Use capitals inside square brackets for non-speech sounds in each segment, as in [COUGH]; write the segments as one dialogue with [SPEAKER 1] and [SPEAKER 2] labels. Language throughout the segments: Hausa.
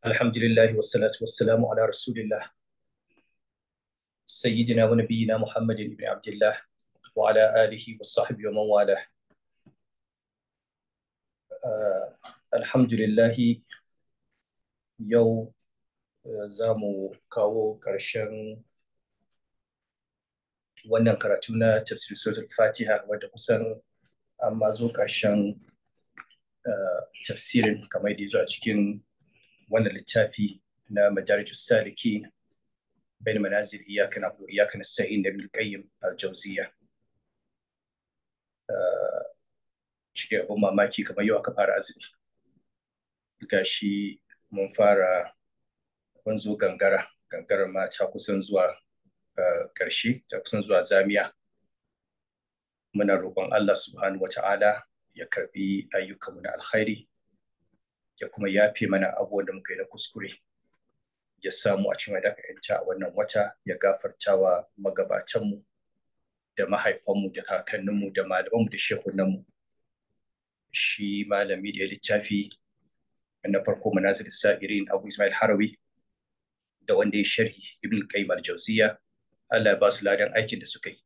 [SPEAKER 1] alhamdulillahi wassalatu wassalamu ala rasulillah sayyidina wa nabiyina muhammadin ibn abdullah wa ala alihi wa sahbihi wa man uh, alhamdulillahi yau uh, za mu kawo ƙarshen wannan karatu na tafsir suratul fatiha wadda kusan an ma zo uh, tafsirin kamar da a cikin wannan littafi na madarijus saliki bain manazil iyyaka na'budu wa iyyaka da bil qayyim al ah, abin mamaki kamar yau aka fara azumi gashi mun fara wanzo gangara gangarar ma ta kusan zuwa ah, ƙarshe ta kusan zuwa zamiya muna roƙon Allah subhanahu wata'ala ya karbi ayyukanmu na alkhairi ya kuma yafe mana abubuwan da muka yi na kuskure ya samu a cikin da aka a wannan wata ya gafarta wa mu da mahaifanmu da kakanninmu da malamanmu da shehunanmu shi malami da ya littafi na farko manazir sa'irin abu ismail harawi da wanda ya sharhi ibn qayyim al-jawziya Allah ya ba su ladan aikin da suka yi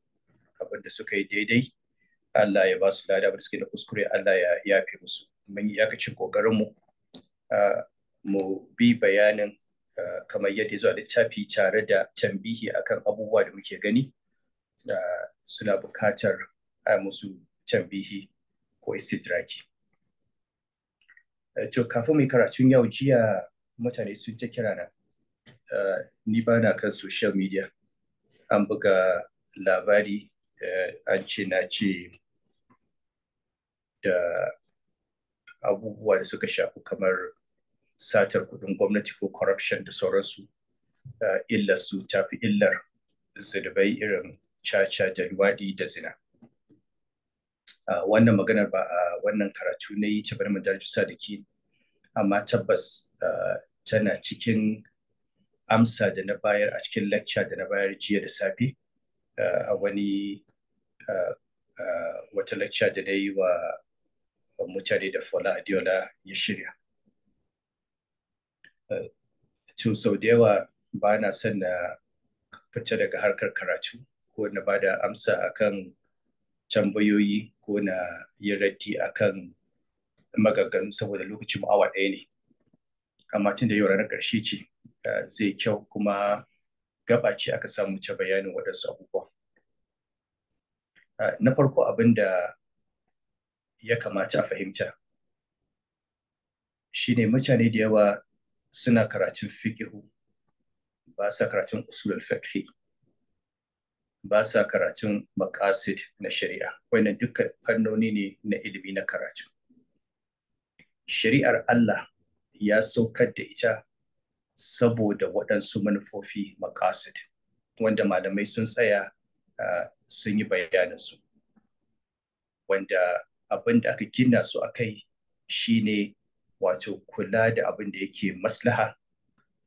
[SPEAKER 1] abin da suka yi daidai Allah ya ba su lada da suke da kuskure Allah ya yafe musu mun yi yakacin kokarin mu mu bi bayanin kamar yadda zuwa littafi tare da tambihi akan abubuwa da muke gani suna bukatar a musu tambihi ko istidraki. To kafin mai karatun yau jiya mutane sun ta kira na ni ba na kan social media an buga labari an ce na ce da abubuwa da suka shafi kamar satar kudin gwamnati ko corruption da sauransu eh, illar su ta fi illar zirbai irin caca da luwaɗi da zina eh, wannan maganar ba a eh, wannan karatu na yi ta bar madarjusa da ke amma tabbas tana cikin amsa da na bayar a cikin lacca da na bayar jiya da safe a wani wata lacca da na yi wa mutane da fola adiola ya shirya to sau da yawa ba na son na fita daga harkar karatu ko na ba da amsa akan tambayoyi ko na yi raddi akan maganganu saboda lokacin awa ɗaya ne amma tun da yau ranar ƙarshe ce zai kyau kuma gaba ce aka samu ta bayanin waɗansu abubuwa na farko abin da ya kamata a fahimta Shi ne mutane da yawa suna karatun fikihu ba sa karatun usulul fiqhi ba sa karatun makasid na shari'a wannan dukkan fannoni ne na ilimi na karatu shari'ar Allah ya saukar da ita saboda waɗansu manufofi makasid wanda malamai sun tsaya sun yi bayanansu wanda abin da aka gina su a kai shine wato kula da abin da yake maslaha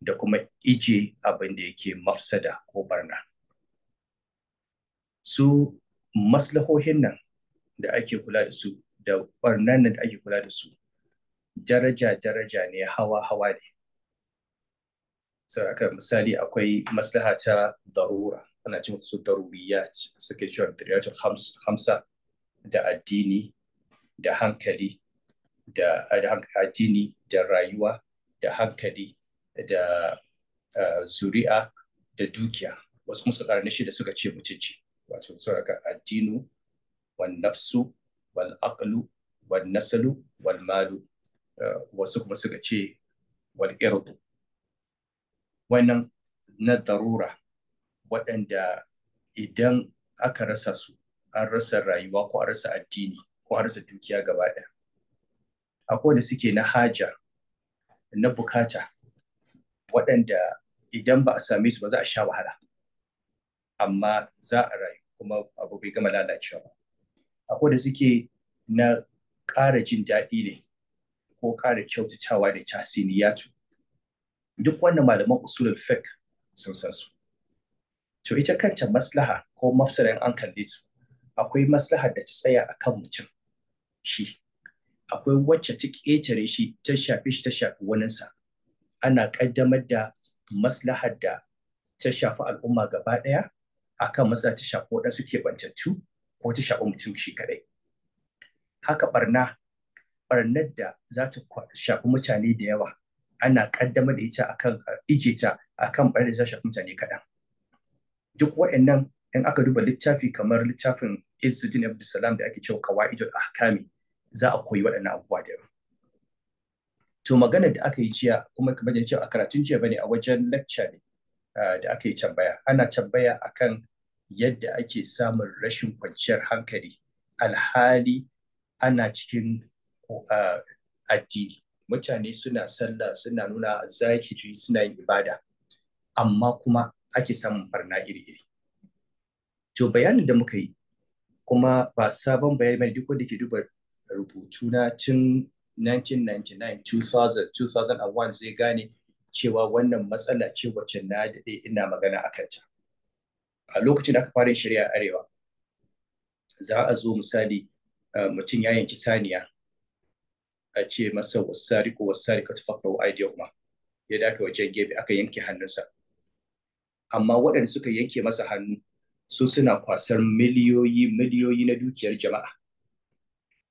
[SPEAKER 1] da kuma ije abin da yake mafsada ko barna su maslahohin nan da ake kula da su da barnan nan da ake kula da su daraja-daraja ne hawa-hawa ne saraka misali akwai maslaha ta darura ana cin su daruriyat suke cewa hamsa da addini da hankali da addini da rayuwa da hankali da zuri'a da dukiya wasu kuma suka na shida suka ce mutunci wato saraka addinu wal nafsu wal aqlu wal nasalu wal malu wasu kuma suka ce wal irdu wannan na darura waɗanda idan aka rasa su an rasa rayuwa ko an rasa addini ko an rasa dukiya gaba ɗaya akwai da suke na haja na bukata waɗanda idan ba a same su ba za a sha wahala amma za a rayu kuma abu bai gama lalacewa ba akwai da suke na ƙara jin daɗi ne ko ƙara kyautatawa da tasiniyatu duk wannan malaman usulul fiqh sun san su to ita kanta maslaha ko mafsadan an kalle su akwai maslaha da ta tsaya akan mutum shi akwai wacce ta ƙetare shi ta shafi shi ta shafi waninsa ana ƙaddamar da maslahar da ta shafi al'umma gaba ɗaya kan maslahar ta shafi waɗansu keɓantattu ko ta shafi mutum shi kaɗai haka barna barnar da za ta shafi mutane da yawa ana ƙaddamar da ita akan ije ta akan barnar da za ta shafi mutane kaɗan duk waɗannan in aka duba littafi kamar littafin Izzuddin Abdulsalam da ake cewa Kawaidul Ahkami za a koyi waɗannan abubuwa da yawa to maganar da aka yi jiya kuma kamar da cewa a karatun jiya bane a wajen lecture ne ah, da aka yi tambaya ana tambaya akan yadda ake samun rashin kwanciyar hankali alhali ana cikin ah, addini mutane suna sallah suna nuna zahiri suna yin ibada amma kuma ake samun barna iri-iri to bayanin da muka yi kuma ba sabon bayani bane duk wanda ke duba rubutuna tun 1999 2001 zai gane cewa wannan matsala ce wacce na daɗe ina magana a kanta a lokacin da aka fara shirya arewa za a zo misali mutum ya yanki saniya a ce masa wasari ko wasari ka kawo aidiyar kuma ya dace wajen gebe aka yanke hannunsa amma waɗanda suka yanke masa hannu su suna kwasar miliyoyi miliyoyi na dukiyar jama'a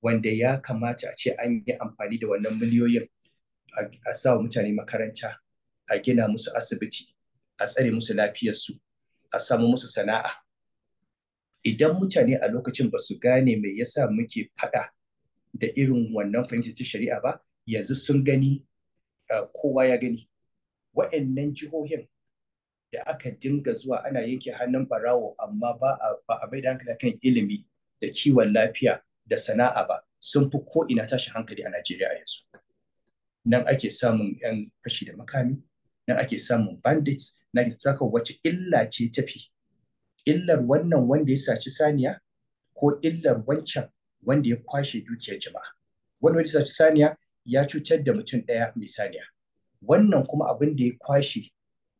[SPEAKER 1] wanda ya kamata a ce an yi amfani da wannan miliyoyin a sa mutane makaranta a gina musu asibiti a tsare musu lafiyarsu a samu musu sana'a idan mutane a lokacin ba su gane me yasa muke faɗa da irin wannan fahimtar ta shari'a ba yanzu sun gani kowa ya gani wa'annan jihohin da aka dinga zuwa ana yanke hannun barawo amma ba a mai da hankali kan ilimi da kiwon lafiya da sana'a ba sun fi ko'ina ina tashin hankali a Najeriya a yanzu. Nan ake samun 'yan fashi da makami, nan ake samun bandits, na ake saka wace illa ce tafi. Illar wannan wanda ya saci saniya ko illar wancan wanda ya kwashe dukiyar jama'a. Wanda ya saci saniya ya cutar da mutum ɗaya mai saniya. Wannan kuma abin da ya kwashe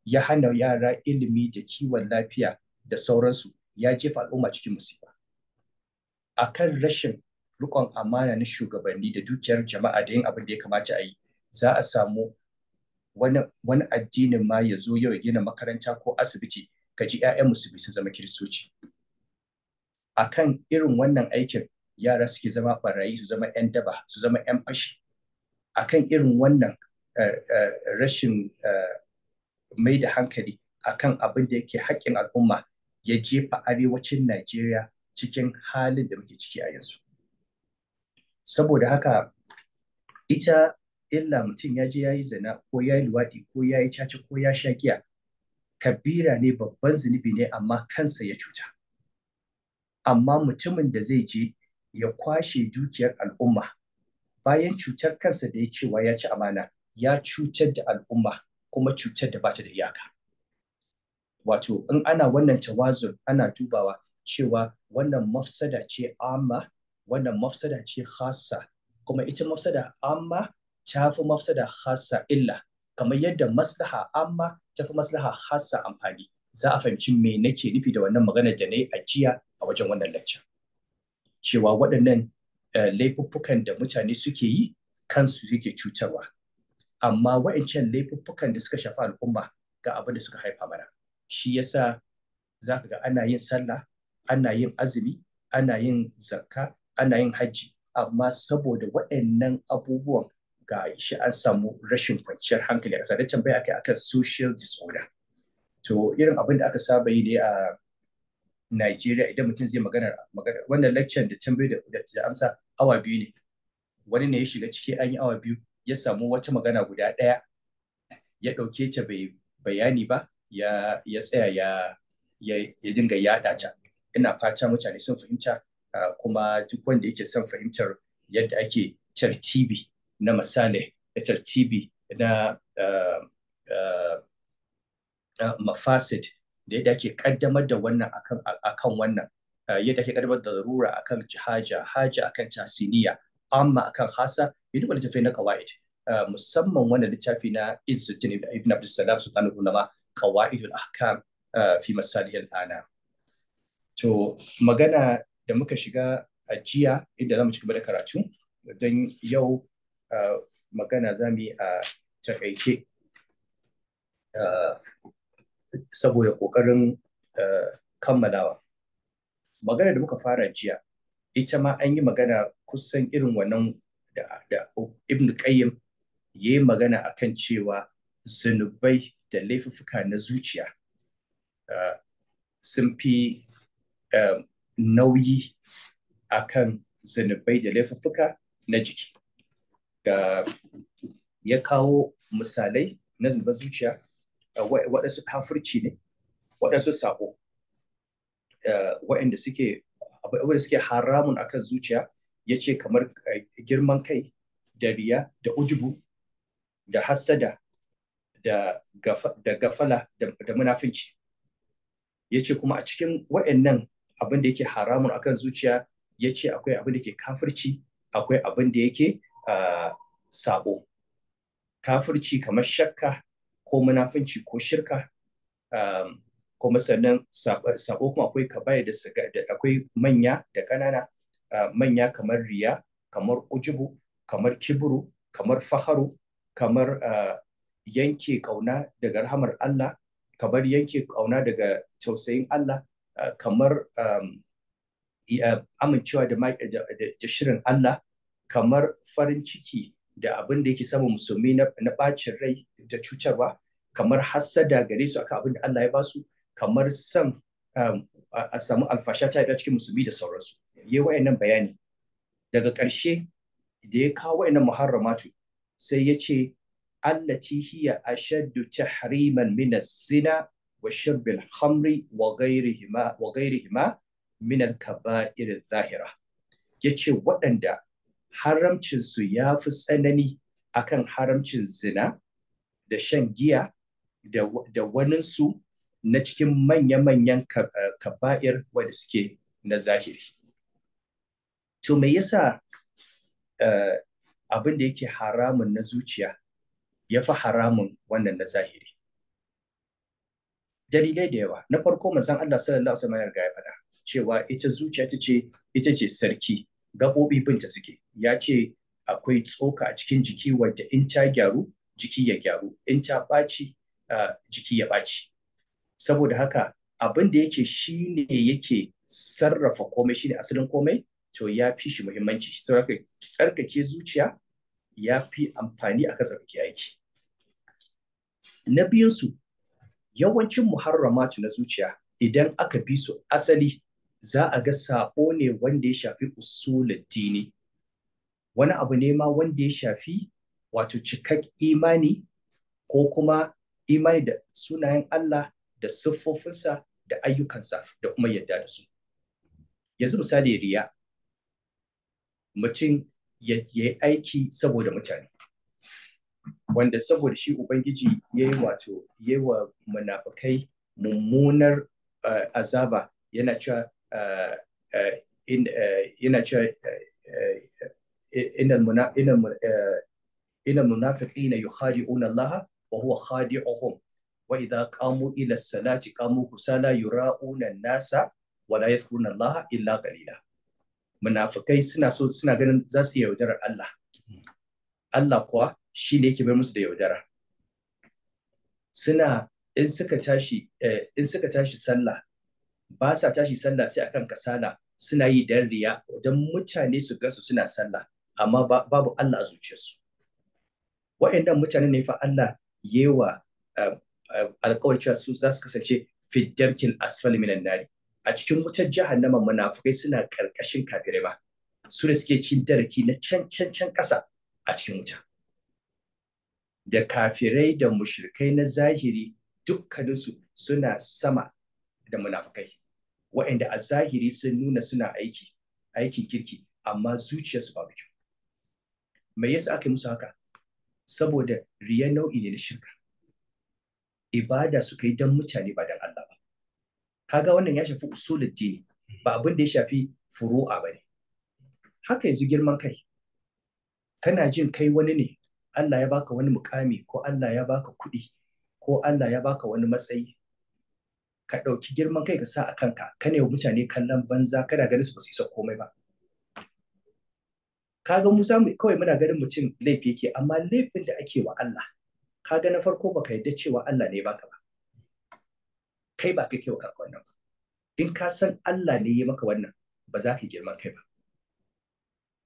[SPEAKER 1] ya hana yara ilimi da kiwon lafiya da sauransu ya jefa al'umma cikin musiba. a kan rashin rikon amana na shugabanni da dukiyar jama'a da yin abin da ya kamata a yi za a samu wani addinin ma ya zo yau ya gina makaranta ko asibiti ka ji 'ya'yan musulmi su zama kiristoci a kan irin wannan aikin yara suke zama barayi su zama 'yan daba su zama 'yan fashi a kan irin wannan eh, eh, rashin eh, mai da hankali a kan abin da yake haƙƙin al'umma ya jefa arewacin najeriya cikin halin da muke ciki a yanzu saboda haka ita illa mutum ya je ya yi zina ko ya yi luwaɗi ko ya yi caca ko ya sha giya kabira ne babban zunubi ne amma kansa ya cuta amma mutumin da zai je ya kwashe dukiyar al'umma bayan cutar kansa da ya cewa ya ci amana ya cutar da al'umma kuma cutar da bata da iyaka wato in ana wannan tawazun ana dubawa cewa wannan mafsada ce amma wannan mafsada ce Hasa, kuma ita mafsada amma ta fi mafsada khassa illa kamar yadda maslaha amma ta fi maslaha khassa amfani za a fahimci me nake nufi da wannan maganar da na yi a jiya a wajen wannan lacca cewa waɗannan eh, laifuffukan da mutane suke yi kansu suke cutarwa amma waɗancan laifuffukan da suka shafi al'umma ga abin da suka haifa mana shi yasa za ka ga ana yin sallah ana yin azumi ana yin zakka ana yin hajji amma saboda waɗannan abubuwan ga shi an samu rashin kwanciyar hankali a ƙasa da tambaya akai akan social disorder to irin abin da aka saba yi ne a Najeriya idan mutum zai magana wannan lecture da tambayi da amsa awa biyu ne wani ne ya shiga ciki an yi awa biyu ya samu wata magana guda ɗaya ya ɗauke ta bai bayani ba ya tsaya ya dinga yaɗa ta ina fata mutane sun fahimta kuma duk wanda yake son fahimtar yadda ake tartibi na misali da tartibi na mafasid da yadda ake kaddamar da wannan akan wannan yadda ake kaddamar da zarura akan jihaja, haja akan tasiniya amma akan hasa ya duba littafi na kawaid musamman wannan littafi na izzuddin ibn abdussalam sultanul ulama qawaidul ahkam fi masalihil anam To magana da muka shiga a jiya inda za mu ci gaba da karatu don yau magana za mu yi a takaice saboda ƙoƙarin kammalawa. Magana da muka fara jiya ita ma an yi magana kusan irin wannan da Ibn Qayyim ya yi magana akan cewa zunubai da laifuffuka na zuciya sun fi Um, nauyi akan zunubai da laifuffuka na jiki ga ya kawo misalai na zunuban zuciya waɗansu kafirci ne waɗansu sako waɗanda suke abubuwan suke haramun akan zuciya ya ce kamar girman kai da riya da ujubu da hassada da gafala da munafinci ya ce kuma a cikin waɗannan abin da yake haramun akan zuciya ya ce akwai abin da ke kafirci akwai abin da yake ah, sabo kafirci kamar shakka ko munafunci ko shirka ah, Ko sannan sabo kuma akwai kabaya da akwai manya da ƙanana ah, manya kamar riya kamar ujubu kamar kiburu kamar faharu kamar yanke kauna daga rahamar Allah kamar yanke kauna daga tausayin Allah Uh, kamar um, uh, amincewa da shirin Allah kamar farin ciki da abin da yake samun musulmi na bacin rai da cutarwa kamar hassada gare su akan abin da Allah ya basu kamar san um, a samu alfasha ta cikin musulmi da sauransu Ya yi wayannan bayani daga ƙarshe da ya kawo wayannan muharramatu sai ya ce allati hiya ashaddu tahriman min zina wa shirbil khamri wa ghairihima wa ghairihima min al-kaba'ir yace waɗanda haramcinsu ya fi tsanani akan haramcin zina da shan giya da da waninsu na cikin manya-manyan kaba'ir wanda na zahiri to me yasa abin da yake haramun na zuciya ya fi haramun wannan na zahiri dalilai da yawa na farko manzon Allah sallallahu alaihi wasallam ya ga ya faɗa cewa ita zuciya ta ce ita ce sarki Gabobi binta suke ya ce akwai tsoka a cikin jiki wadda in ta gyaru jiki ya gyaru in ta baci jiki ya baci saboda haka abin da yake shine yake sarrafa komai shine asalin komai to ya fi shi muhimmanci saboda tsarkake zuciya ya fi amfani a kasar kiyaki. aiki na su yawancin muharramatu na zuciya idan aka bi su asali za a ga saɓo ne wanda ya shafi usulul dini wani abu ne ma wanda ya shafi wato cikak imani ko kuma imani da sunayen Allah da siffofinsa da ayyukansa da kuma yadda da su yanzu misali riya mutum ya yi aiki saboda mutane wanda saboda shi Ubangiji ya yi wato ya wa munafukai mummunar eh, azaba yana cewa eh, eh, yana cewa ina munafiki na yi hari una laha wa huwa hadi ohun wa kamu ila salati kamu kusala yura una nasa wa yadda una laha illa kalila munafukai suna ganin za su yaudarar Allah hmm. Allah kuwa shi ne yake bar musu da yaudara suna in suka tashi eh, in suka tashi sallah ba sa tashi sallah sai akan kasala suna yi dan riya don mutane su gasu suna sallah amma babu Allah a zuciyarsu wa'annan mutane ne fa Allah yewa eh, eh, alƙawar cewa su za su kasance fiddarkin asfali minan nari a cikin wutar jahannama munafukai suna ƙarƙashin kafirai ba su da suke cin daraki na can can can ƙasa a cikin wuta da kafirai da mushrikai na zahiri dukkaninsu suna sama da munafukai waɗanda a zahiri sun nuna suna aiki aikin kirki amma zuciyarsu babu kyau me yasa aka yi musu haka saboda riya nau'i ne na shirka ibada suka yi don mutane ba don Allah ba kaga wannan ya shafi usulul dini ba abin da ya shafi furu'a ba ne. haka yanzu girman kai kana jin kai wani ne Allah ya baka wani mukami ko Allah ya baka kuɗi ko Allah ya baka wani matsayi ka ɗauki girman kai ka sa a kanka ka ne mutane kallon banza kana ganin su ba su isa komai ba ka ga mu kawai muna ganin mutum laifi yake amma laifin da ake wa Allah ka ga na farko baka yadda cewa Allah ne baka ba kai ba kake wa kanka wannan ba in ka san Allah ne ya maka wannan ba za ka girman kai ba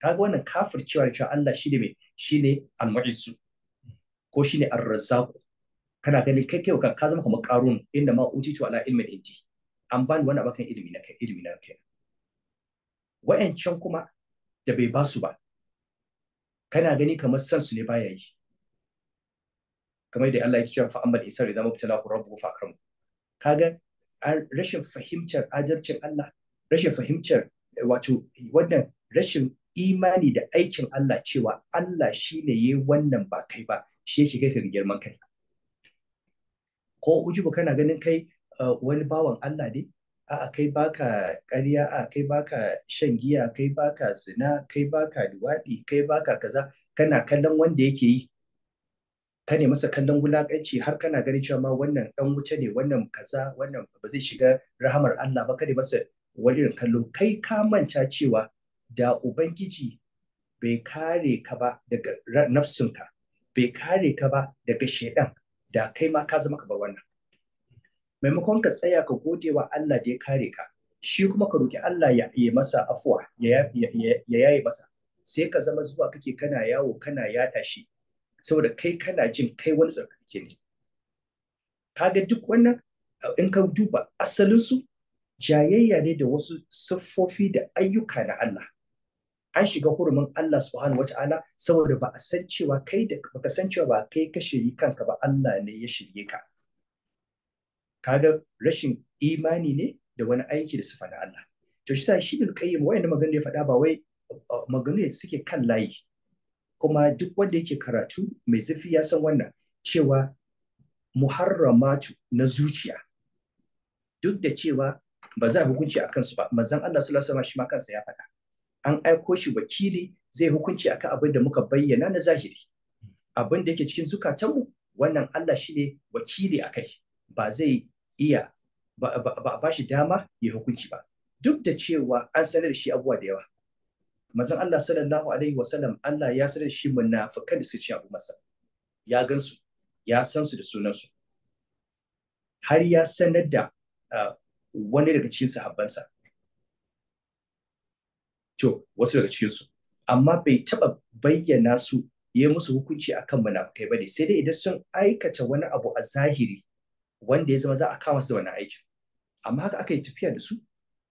[SPEAKER 1] kaga wannan kafircewa da cewa Allah shine mai shine al-mu'izzu ko shine ar-razzaq kana gani kai kai ka zama kamar qarun inda ma to ala ilmi indi an bani wannan abakan ilimi na kai ilimi na kai wayancan kuma da bai ba su ba kana gani kamar san su ne baya yi kamar da Allah ya ce fa amma isar idan mubtalahu rabbuhu fa Ka kaga rashin fahimtar adalcin Allah rashin fahimtar wato wannan rashin imani da aikin Allah cewa Allah shi ne ya wannan ba kai ba shi yake kai ka girman kai ko ujubu kana ganin kai wani bawan Allah ne A'a kai baka ƙarya a kai baka shan giya kai baka zina kai baka luwaɗi kai baka kaza kana kallon wanda yake yi ka ne masa kallon wulaƙanci har kana ganin cewa ma wannan ɗan wuce ne wannan kaza wannan ba zai shiga rahamar Allah ba ka ne masa wani irin kallo kai ka manta cewa da ubangiji bai kare ka ba daga nafsinka bai kare ka ba daga shaidan da kai ma ka zama ka bar wannan maimakon ka tsaya ka gode wa Allah da ya kare ka shi kuma ka roki Allah ya yi masa afuwa ya yaye masa sai ka zama zuwa kake kana yawo kana yada shi saboda kai kana jin kai wani tsarkake ne ga duk wannan in ka duba asalinsu jayayya ne da wasu siffofi da ayyuka na Allah an shiga hurumin Allah subhanahu wata'ala saboda ba a san cewa kai da baka san cewa ba kai ka shiri kanka ba Allah ne ya shirye ka kaga rashin imani ne da wani aiki da su fada Allah to shi sa shi bil qayyim wayannan da ya faɗa ba wai maganar da suke kan layi kuma duk wanda yake karatu mai zafi ya san wannan cewa muharramatu na zuciya duk da cewa ba za a hukunci akan su ba manzon Allah sallallahu alaihi wasallam shi ma kansa ya faɗa an aiko shi wakili zai hukunci akan abin da muka bayyana na zahiri abin da yake cikin zukatanmu wannan Allah shi ne wakili a kai. ba zai iya ba a shi dama ya hukunci ba duk da cewa an sanar da shi abuwa da yawa mazan Allah sallallahu alaihi wasallam Allah ya sanar da shi munafikan da su ci abu masa ya gansu ya san su da sunansu har ya sanar da ah, wani daga cikin sahabbansa to wasu daga cikin su amma bai taba bayyana su ya musu hukunci akan munafukai ba ne sai dai idan sun aikata wani abu a zahiri wanda ya zama za a kama su da wani aikin amma haka aka yi tafiya da su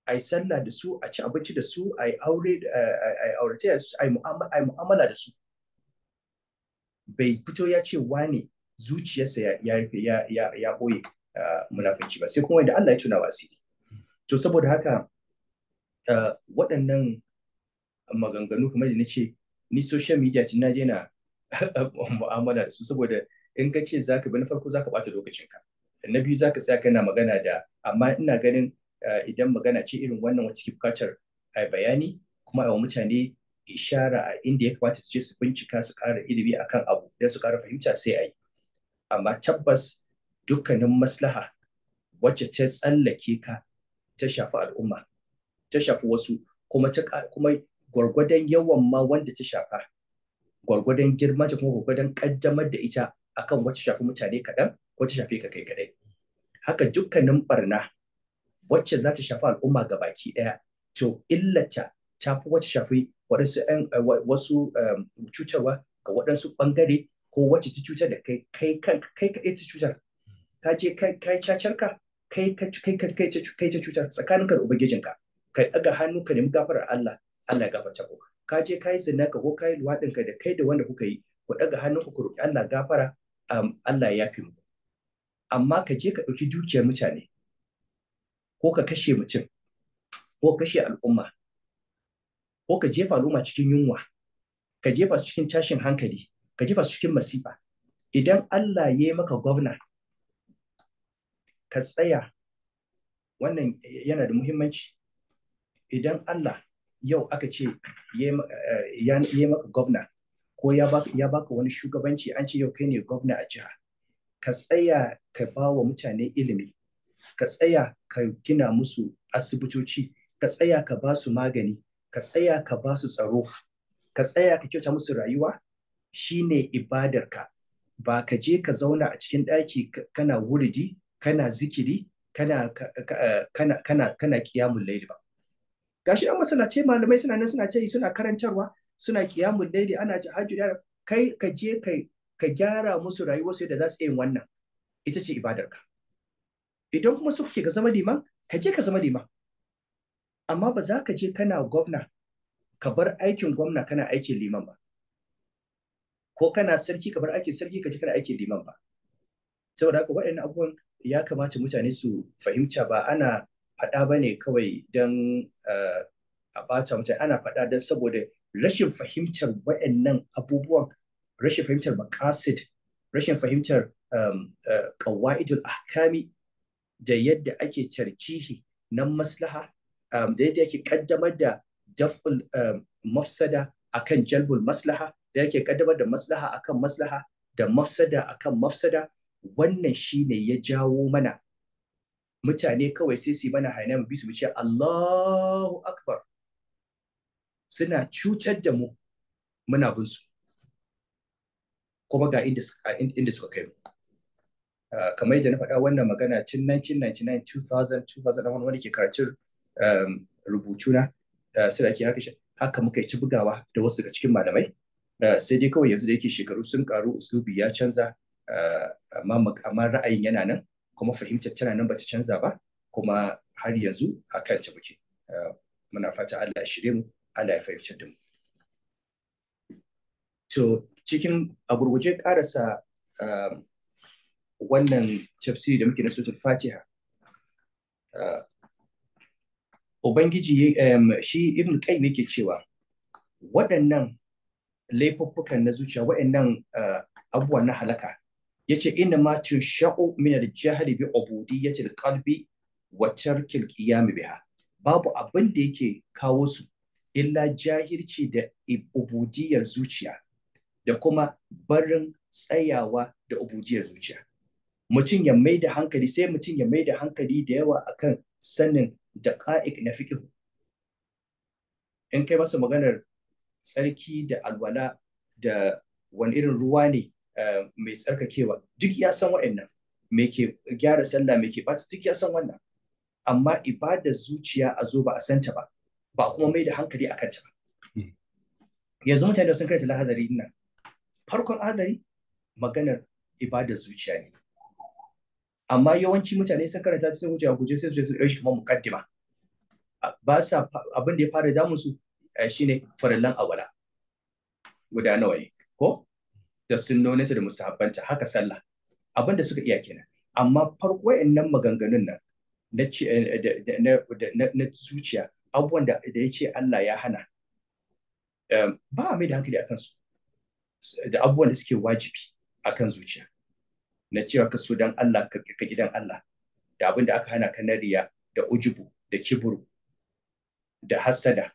[SPEAKER 1] a yi sallah da su a ci abinci da su a yi aure eh, eh, eh, a su a yi mu'amala da su bai fito ya ce wane zuciyarsa ya rufe ya ɓoye munafunci ba sai kuma wanda Allah ya tuna wasi to saboda haka waɗannan maganganu kamar da na ce ni social media tun na je na [LAUGHS] mu'amala da su saboda in ka ce zaka bi na farko zaka bata lokacin ka na biyu zaka tsaya kana magana da amma ina ganin eh, idan magana ce irin wannan wacce ke bukatar a bayani kuma a mutane ishara a inda ya kamata su ce su bincika su kara ilimi akan abu idan su kara fahimta sai a yi amma tabbas dukkanin maslaha wacce ta tsallake ka ta shafi al'umma ta shafi wasu kuma kuma gwargwadon yawan ma wanda ta shafa gwargwadon girma ta kuma gwargwadon kaddamar da ita akan wacce shafi mutane kaɗan wacce shafi ka kai kaɗai haka dukkanin barna wacce za ta shafi al'umma ga baki ɗaya to illata ta fi wacce shafi waɗansu eh, wasu eh, cutarwa ga waɗansu ɓangare ko wacce ta cutar da kai kai kai kaɗai ta cutar ka je kai kai cacar ka kai kai kai ta cutar tsakanin ka da ubangijinka ka ɗaga hannu ka nemi gafarar Allah Allah gafarta ku ka je kai ka ko kai luwadin ka da kai da wanda kuka yi ku daga hannun ku roki Allah gafara Allah ya yafi muku amma ka je ka ɗauki dukiyar mutane ko ka kashe mutum ko kashe al'umma ko ka jefa al'umma cikin yunwa ka jefa su cikin tashin hankali ka jefa su cikin masifa idan Allah ya yi maka gwamna ka tsaya wannan yana da muhimmanci idan Allah yau aka ce ya eh, maka gwamna ko ya baka wani shugabanci an ce yau kai ne gwamna a jiha ka tsaya ka ba wa mutane ilimi ka tsaya ka gina musu asibitoci ka tsaya ka ba su magani ka tsaya ka ba su tsaro ka tsaya ka kyauta musu rayuwa shine ibadarka ba ka je ka zauna a cikin ɗaki kana wuridi kana zikiri kana kiyamun eh, laili ba gashi yan masallaci malamai suna nan suna ce suna karantarwa suna kiyamun daidai ana tahajjud kai ka je kai ka gyara musu rayuwar su da za su yin wannan ita ce ibadarka idan kuma so kake ka zama liman ka je ka zama liman amma ba za ka je kana gwamna ka bar aikin gwamna kana aikin liman ba ko kana sarki ka bar aikin sarki ka je kana aikin liman ba saboda haka waɗannan abubuwan ya kamata mutane su fahimta ba ana faɗa ba ne kawai don eh, a ɓata mace ana faɗa don saboda rashin fahimtar waɗannan abubuwan rashin fahimtar makasid rashin fahimtar ƙawa'idul um, eh, ahkami da yadda ake tarjihi na maslaha um, da yadda ake kaddamar da daf'ul um, mafsada akan jalbul maslaha da yake kaddamar da maslaha akan maslaha da mafsada akan mafsada wannan shine ya jawo mana mutane kawai sai su mana haina mu bi su mu ce Allahu Akbar suna cutar da mu muna bin su kuma ga inda suka inda suka kai mu kamar yadda na faɗa wannan magana tun 1999 2000 2001 wanda ke karatun um, rubutu na sai da ake haka haka muka ci bugawa da wasu daga cikin malamai sai dai kawai yanzu da yake shekaru sun karu uslubi ya canza amma ra'ayin yana nan kuma fahimtar tana nan bata canza ba kuma har yanzu a kan ta muke eh, muna fata Allah ya shirye mu Allah ya fahimtar da mu to cikin a gurguje karasa eh, wannan tafsiri da muke na suratul Fatiha eh, Ubangiji shi Ibn Qayyim yake cewa waɗannan laifuffukan na zuciya waɗannan abubuwan na halaka yace inna ma tunsha'u min al-jahli bi ubudiyyati al-qalbi wa tarki al-qiyam biha babu abin da yake kawo su illa jahirci da ubudiyar zuciya da kuma barin tsayawa da ubudiyar zuciya mutum ya mai da hankali sai mutum ya mai da hankali da yawa akan sanin da na fikihu in kai masa maganar tsarki da alwala da wani irin ruwa ne Eh, mai tsarkakewa duk ya san wa'annan me ke gyara sallah me ke bata duk ya san wannan amma ibada zuciya a zo ba a santa ba ba kuma mai da hankali a kanta ba hmm. yanzu mutane sun karanta lahadari nan farkon hadari maganar ibada zuciya ne amma yawanci mutane sun karanta ta wuce a guje sai su shi kamar mukaddima ba sa abin da ya fara damu su eh, shine farallan awala guda nawa ne ko da sunnoninta da musahabbanta haka sallah abin da suka iya kenan amma farko wayannan maganganun nan na eh, zuciya abubuwan da ya ce Allah ya hana eh, ba a mai da hankali akan su da abubuwan da suke wajibi akan zuciya na cewa ka so dan Allah ka gidan Allah da abin aka hana ka na riya da ujubu da kiburu da hasada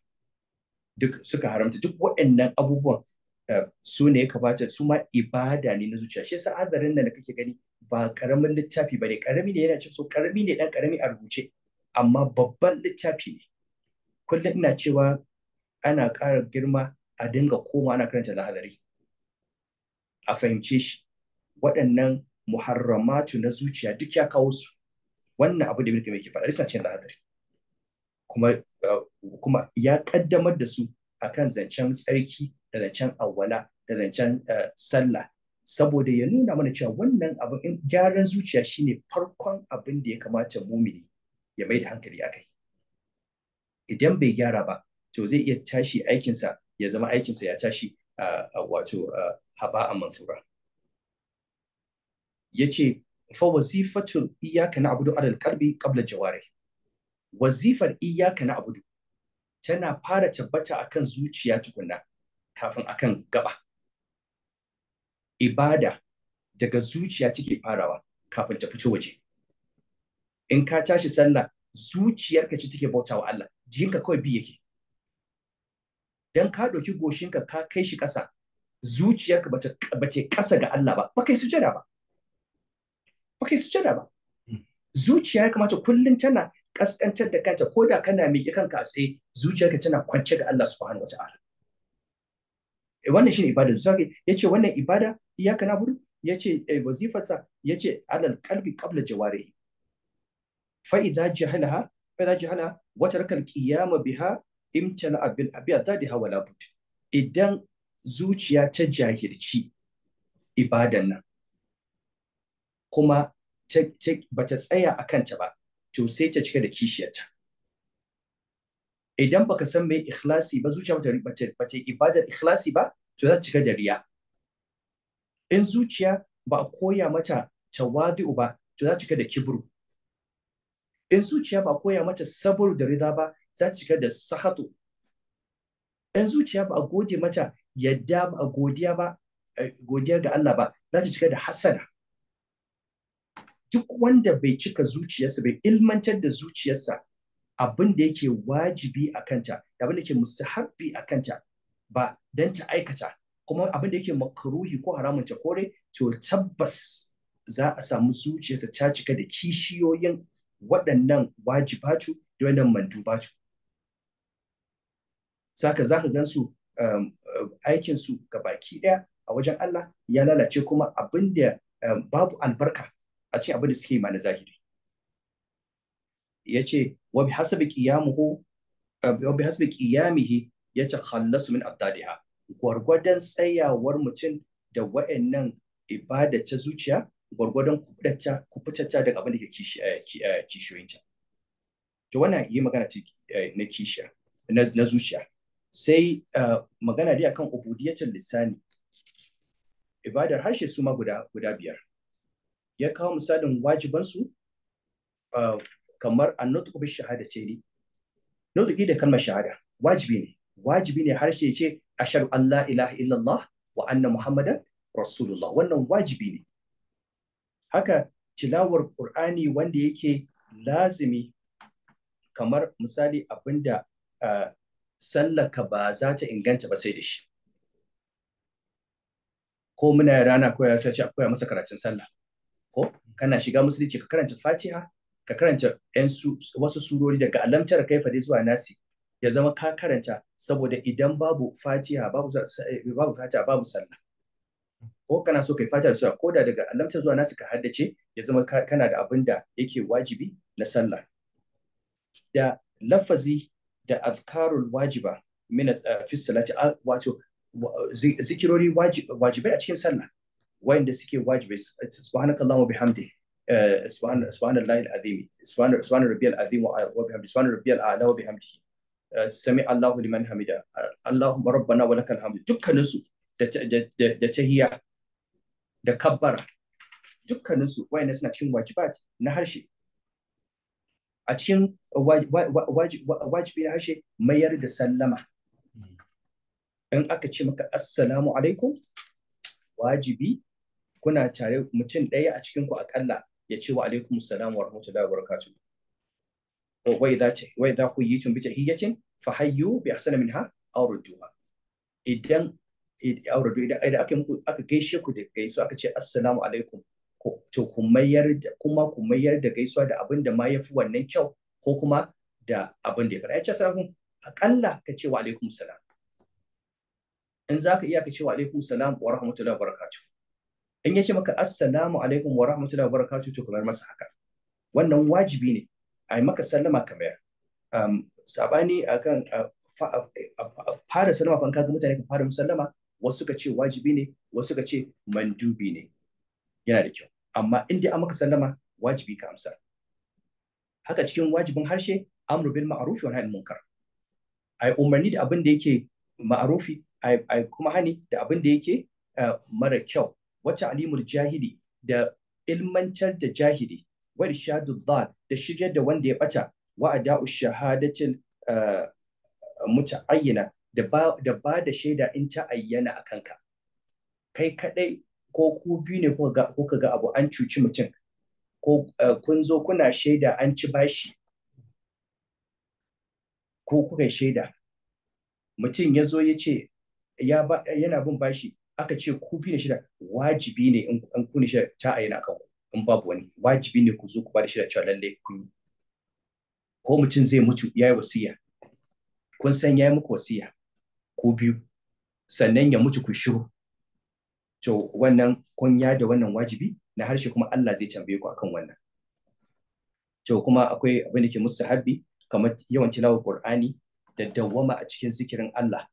[SPEAKER 1] duk suka haramta duk waɗannan abubuwan Eh, su ya kamata su ma ibada ne na zuciya shi yasa azarin da kake gani ba karamin littafi ba ne karami ne yana cikin so karami ne dan karami a rubuce amma babban littafi ne kullum ina cewa ana ƙara girma a dinga koma ana karanta lahadari a fahimce shi waɗannan muharramatu na zuciya duk ya kawo su wannan abu da mulki mai yake faɗa lissa ce lahadari kuma eh, kuma ya ƙaddamar da su akan zancen tsarki da can awwala da can eh, sallah saboda ya nuna mana cewa wannan abin in gyaran zuciya shine farkon abin da ya kamata mumini ya mai da hankali akai. idan bai gyara ba to zai iya tashi aikinsa ya zama aikinsa ya tashi eh, eh, wato a mansura ya ce fa wazifatul iyaka na abudu alal kalbi qabla jawari wazifar iyaka na abudu tana fara tabbata akan zuciya tukunna kafin akan gaba ibada daga zuciya take farawa kafin ta fito waje in ka tashi sallah zuciyarka ce take bauta wa Allah Jiya-ka kawai bi yake dan ka doki goshinka ka kai shi ƙasa zuciyarka bace bace ƙasa ga Allah ba ba kai sujada ba ba kai sujada ba hmm. zuciya ya kamata kullum tana kaskantar da kanta koda kana miƙe kanka a tsaye zuciyarka tana kwance ga Allah subhanahu wataala wannan shine ibada ke yace wannan ibada na budu yace eh, wazifarsa yace alal qalbi qabla jawarihi fa idza jahalaha fa idza jahalaha wa taraka al-qiyama biha imtana bil abiyadadiha wala bud idan zuciya ta jahilci ibadan nan kuma ba ta tsaya a kanta ba to sai ta cika da kishiyarta idan baka san mai ikhlasi ba zuciya bata bace bace ibadar ikhlasi ba to za ta cika da riya in zuciya ba a koya mata tawadi'u ba to za ta cika da kibru in zuciya ba a koya mata sabur da rida ba za ta cika da sahatu in zuciya ba a gode mata yadda ba a godiya ba eh, godiya ga Allah ba za ta cika da hasada duk wanda bai cika zuciyarsa bai ilmantar da zuciyarsa abin da yake wajibi a kanta da abin da yake musahabbi a kanta ba don ta aikata kuma abin da yake makaruhi ko haramun ta kore to tabbas za a samu zuciyarsa ta cika da kishiyoyin waɗannan wajibatu da wannan mandubatu saka za ka gan su um, aikin su ga baki ɗaya a wajen Allah ya lalace kuma abin da um, babu albarka a cin abin da suke ma na zahiri yace wa bi hasabi qiyamuhu wa bi hasabi min addadiha gwargwadon tsayawar mutum da wa'annan ibada ta zuciya gwargwadon kubutacca daga abin da ke eh, eh, kishiyoyinta to wannan yi magana eh, na kishiya na zuciya sai magana dai akan ubudiyatul lisani ibadar harshe su ma guda biyar ya kawo misalin wajibansu kamar annutuku bi shahada ce ni nutuki da kalmar shahada wajibi ne wajibi ne harshe ce ashhadu an la ilaha illallah wa anna muhammadan rasulullah wannan wajibi ne haka tilawar qur'ani wanda yake lazimi kamar misali abinda sallaka ba za ta inganta ba sai da shi ko muna rana ko ya sace akwai masa karatun sallah ko kana shiga musulunci ka karanta fatiha ka karanta wasu surori daga alamtar kai dai zuwa nasi ya zama ka karanta saboda idan babu fatiha babu eh, babu fatiha babu sallah ko kana so kai fatiha zuwa ko da daga alamtar zuwa nasi ka haddace ya zama kana da abin da yake wajibi na sallah da lafazi da azkarul wajiba min eh, fi salati wato zikirori wajibai a cikin sallah wayanda suke wajibai subhanakallahumma bihamdihi سبحان سبحان الله العظيم سبحان سبحان ربي العظيم وبحمده سبحان ربي الاعلى وبحمده sami Allahu liman hamida Allahumma rabbana wa lakal hamd dukkanin su da tahiyya da kabbara dukkanin su wayannan suna cikin wajibat na harshe a cikin wajibi na harshe mayar da sallama in aka ce maka assalamu alaikum wajibi kuna tare mutum ɗaya a cikin ku akalla ya ce wa alaikum salam wa rahmatullahi wa barakatuh wa da ku yi tun bita tahiyyatin fa hayyu bi ahsana minha aw rudduha idan aw ruddu idan aka muku aka gaishe ku da gaisuwa aka ce assalamu alaikum to ku mayar da kuma ku mayar da gaisuwa da abin da ma yafi wannan kyau ko kuma da abin da ya fara ya ce assalamu akalla ka ce wa alaikum salam in zaka iya ka ce wa alaikum salam wa rahmatullahi wa barakatuh in ya ce maka assalamu alaikum wa rahmatullahi wa barakatuh to kamar masa haka wannan wajibi ne a yi maka sallama kamar um, sabani akan fara sallama kan kaga mutane ka fara musallama wasu suka ce wajibi ne wasu suka ce mandubi ne yana da kyau amma in dai an maka sallama wajibi ka amsa haka cikin wajibin harshe amru bil ma'ruf wa nahyi munkar ai umarni da abin da yake ma'rufi ai kuma hani da abin da yake eh, mara kyau Wata alimul jahili da ilmantar da jahili wa irshadud dal da shiryar da wanda ya bata wa ada'u shahadatin eh, muta'ayyana da ba da ba da shaida in ta ayyana a kanka kai kadai ko ku biyu ne kuka ga abu an cuci mutum ko eh, kun zo kuna shaida an ci bashi ko kuka shaida mutum ya zo ya ce yana bin bashi aka ce ku bi da shida wajibi ne in ku kuni shida ta yana kan in babu wani wajibi ne ku zo ku ba da shida cewa lalle ko mutum zai mutu ya yi wasiya kun san ya yi muku wasiya ko biyu sannan ya mutu ku shiru to wannan kun ya da wannan wajibi na harshe kuma Allah zai tambaye ku akan wannan to kuma akwai abin da ke habbi kamar yawan tilawar Qur'ani da dawwama a cikin zikirin Allah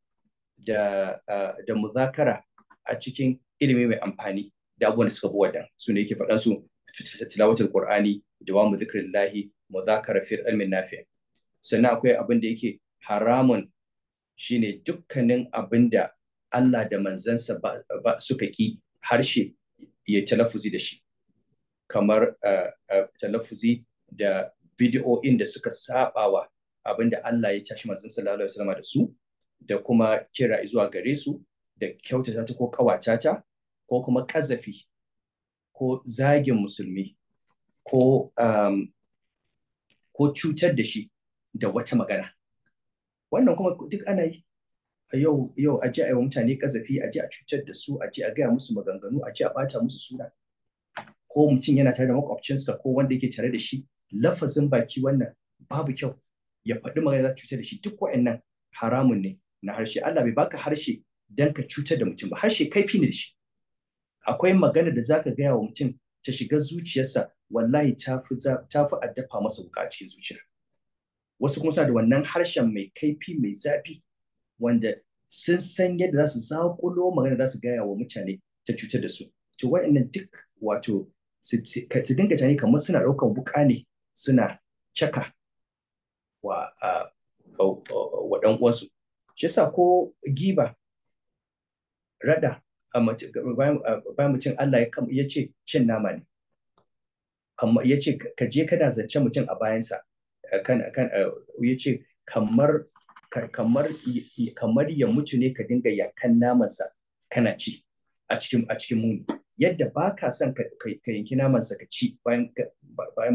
[SPEAKER 1] da ah, da muzakara a cikin ilimi mai amfani da abubuwan da suka bi wadda su ne yake faɗan su tilawatul qur'ani jawamu zikrillahi mudhakara fi na nafi' sannan akwai abin da yake haramun shine dukkanin abin da Allah da manzansa ba suka ki harshe ya talaffuzi da shi kamar talaffuzi da bidiyo'in da suka sabawa abin da Allah ya tashi manzansa sallallahu alaihi wasallam da su da kuma kira zuwa gare su da kyautata ta ko ƙawatata ko kuma kazafi ko zagin musulmi ko um, ko cutar da shi da wata magana wannan kuma duk ana yi a yau yau a ji a mutane kazafi a ji a cutar da su a ji a gaya musu maganganu a ji a bata musu suna ko mutum yana tare da makwabcinsa ko wanda yake tare da shi lafazin baki wannan babu kyau ya faɗi magana za cutar da shi duk wa'annan haramun ne na harshe Allah bai baka harshe don ka cutar da mutum ba harshe kaifi ne da shi akwai magana da zaka gaya wa mutum ta shiga zuciyarsa wallahi ta fi addafa masa wuka cikin zuciyar wasu kuma suna da wannan harshen mai kaifi mai zafi wanda sun san yadda za su zaƙulo magana za su gaya wa mutane ta cutar da su to wa'annan duk wato su dinga tani kamar suna ɗaukar wuka ne suna caka wa wa ɗan uwansu shi yasa ko giba rada bayan mutum Allah ya ce cin nama ne ya ce ka je kana zance mutum a bayansa ya ce kamar ya mutu ne ka dinga yakan namansa kana ci a cikin muni yadda ba ka son ka yanki namansa ka ci bayan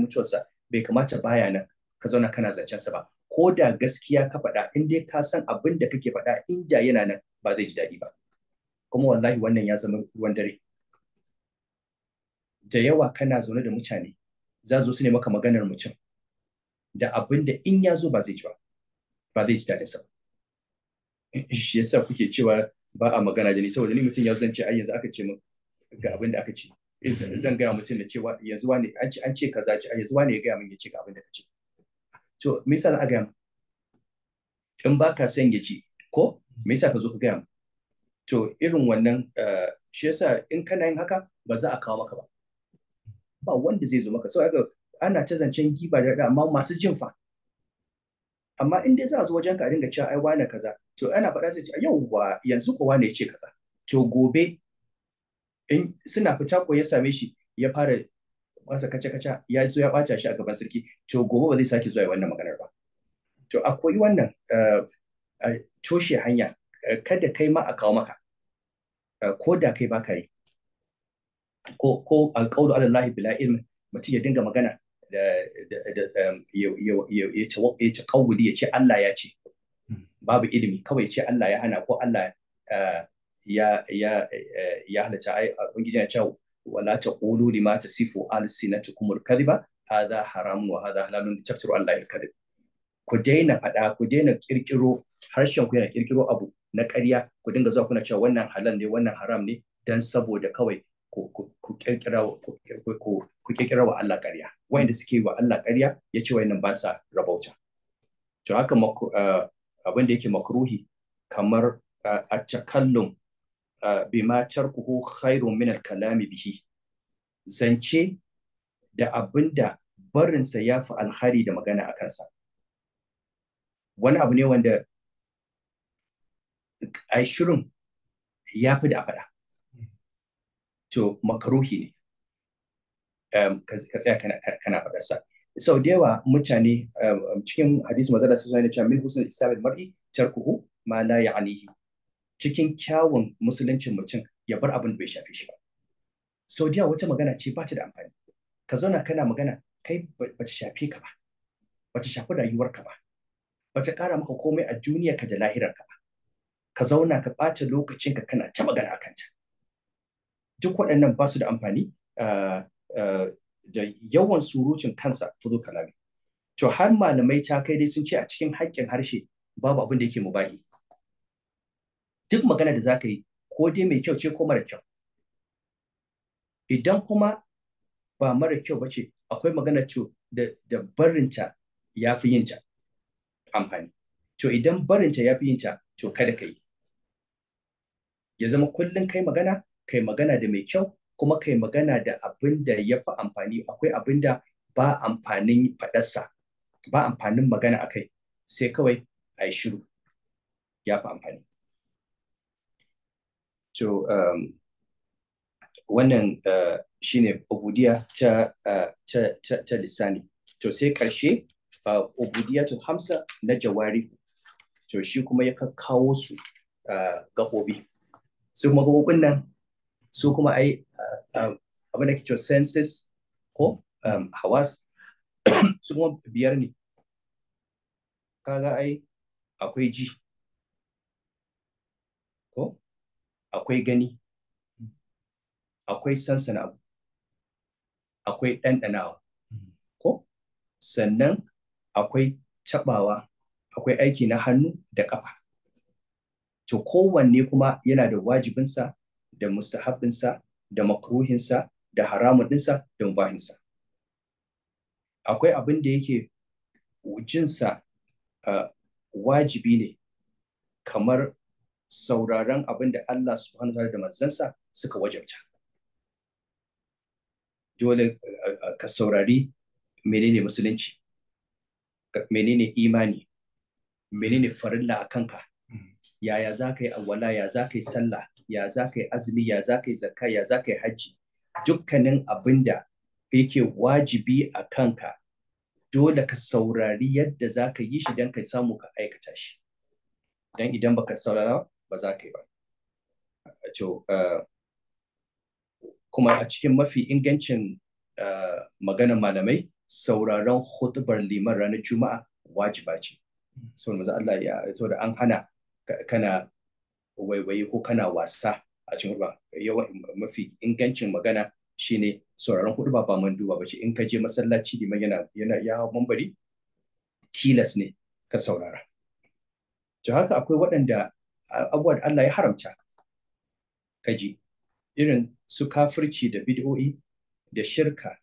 [SPEAKER 1] mutuwarsa bai kamata baya nan ka zauna kana zancensa ba ko da gaskiya ka faɗa in dai ka san abin da kake faɗa inda yana nan ba zai ji daɗi ba kuma wallahi wannan ya zama ruwan dare da yawa kana zaune da mutane za su ne maka maganar mutum da abin da in ya zo ba zai ci ba ba zai ci daɗin sa shi yasa kuke cewa ba a magana da ni saboda ni mutum ya zance ai yanzu aka ce min ga abin da aka ce zan gaya mutum da cewa yanzu wani an ce an ce kaza ce yanzu wani ya gaya min ya ce ga abin da kace ce to me yasa na gaya in ba ka ya ce ko me yasa ka zo ka gaya min to irin wannan eh, shi yasa in kana yin haka ba za a kawo maka ba ba wanda zai zo maka so haka ana ta zancen giba da amma masu jin fa amma in dai za a zo wajen ka dinga cewa ai wane kaza to ana faɗa sai yau wa yanzu ko wane ce kaza to gobe in suna fita ko ya same shi ya fara masa kaca kaca ya zo ya bata shi a gaban sarki to gobe ba zai sake zuwa wannan maganar ba to akwai wannan eh, toshe hanya Eh, kada kai ma a kawo maka eh, ko da kai baka yi ko ko alqawlu ala bila ilmi mutum ya dinga magana da ya ci ya ce Allah ya ce babu ilimi kawai ya ce Allah ya hana ko Allah eh, ya ya ya halatta ai ubangiji ya ce wala taqulu lima tasifu alsinatukum alkadhiba hadha haram wa hadha halalun tafsiru Allah alkadhib ku daina fada ku daina kirkiro harshen ku yana kirkiro abu na ƙarya ku dinga zuwa kuna cewa wannan halal ne wannan haram ne dan saboda kawai ku kirkira wa Allah ƙarya wanda suke wa Allah ƙarya ya ce wayannan ba sa rabauta to haka eh, abin da yake makruhi kamar eh, a takallum eh, ma tarkuhu khairun min kalami bihi zance da abinda barinsa ya fi alkhari da magana a kansa wani abu ne wanda ai shirin ya fi da fada. to makaruhi ne ka tsaya kana faɗarsa sau da yawa mutane cikin hadisi mazala su zai cewa min husnul mar'i tarkuhu ma la ya'nihi cikin kyawun musuluncin mutum ya bar abin da bai shafe shi ba sau da yawa wata magana ce ba ta da amfani ka zauna kana magana kai ba ta shafe ka ba ba ta shafi rayuwarka ba ba ta ƙara maka komai a duniya ka da lahirarka ba ka zauna ka ɓata lokacin ka kana ta magana a kanta duk waɗannan ba su da amfani ah, ah, da yawan surucin kansa zo kalami to har malamai ta kai dai sun ce a cikin haƙƙin harshe babu abin da yake mubahi duk magana da za ka yi ko dai mai kyau ce ko mara kyau idan kuma ba mara kyau ba ce akwai magana to da barinta ya fi yinta amfani to idan barinta ya fi yinta to kada ka yi ya zama kullum kai magana kai magana da mai kyau kuma kai magana da abin da ya fi amfani akwai abin da ba amfanin faɗarsa ba amfanin magana a kai sai kawai a yi shiru ya fi amfani to um, wannan uh, ne ubudiya ta, uh, ta, ta, ta lissani to sai ƙarshe uh, ta hamsa na jawari to shi kuma ya kawo su uh, gaɓoɓi su kuma nan su kuma ai ah, ah, abin da ke cewa senses ko um, hawas [COUGHS] su kuma biyar ne kaga ai akwai ji ko akwai gani akwai sansana abu akwai ɗanɗanawa ko sannan akwai taɓawa akwai aiki na hannu da ƙafa to kowanne kuma yana da wajibinsa da mustahabbinsa da makruhinsa da haramun ɗinsa da mubahinsa akwai abin da yake jinsa uh, wajibi ne kamar sauraron abin da Allah subhanahu wa da manzansa suka wajabta dole ka saurari menene musulunci menene imani menene farilla a kanka yaya za ka yi awwala ya za ka yi sallah ya za ka yi azumi ya za ka yi zakka ya za ka yi hajji dukkanin abin da yake wajibi a kanka dole ka saurari yadda za ka yi shi don ka samu ka aikata shi don idan ba ka saurara ba za ka yi ba eh, kuma a cikin mafi ingancin eh, maganar malamai sauraron hutubar liman ranar juma'a wajiba ce saboda Allah ya saboda an hana kana waiwaye ko kana wasa a cikin hudba yawan mafi ingancin magana shine sauraron hudu ba ba manduba ba ce in ka je masallaci liman yana yana ya hau mambari tilas ne ka saurara to haka akwai waɗanda da Allah ya haramta kaji irin su kafirci da bid'o'i da shirka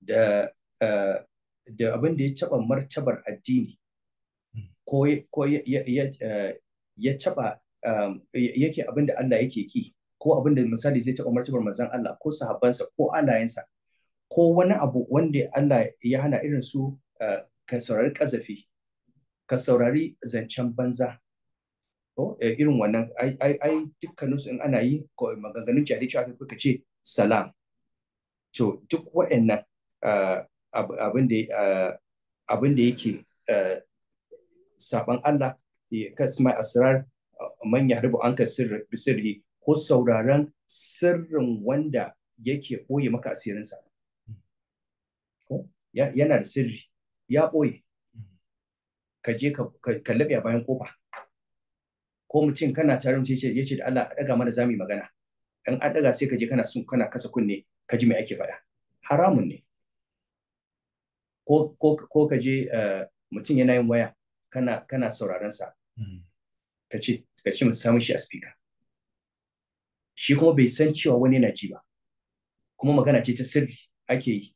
[SPEAKER 1] da eh, da abin da ya taɓa martabar addini hmm. ko ya eh, ya taba um, yake abin da Allah yake ki ko abin da misali zai taba martabar manzon Allah ko sahabbansa ko alayensa ko wani abu wanda Allah ya hana irin su uh, ka saurari kazafi ka saurari zancen banza ko eh, irin wannan ai ai ai dukkaninsu in ana yi ko maganganun jari cewa kuka ce salam to duk waɗannan uh, uh, abin da yake saban Allah kasma asrar manya an anka sirri ko sauraron sirrin wanda yake ɓoye maka asirinsa yana da sirri ya ɓoye ka je ka laɓe a bayan kofa ko mutum kana tarin ce ya ce da Allah a ɗaga mana zami magana Dan an ɗaga sai ka je kana sun kana kasa kunne ka ji me ake faɗa haramun ne ko ko ko ka je eh, mutum yana yin waya kana kana sauraron sa ka ce ka mu samu shi a speaker shi kuma bai san cewa wani yana ji ba kuma magana ce ta sirri ake yi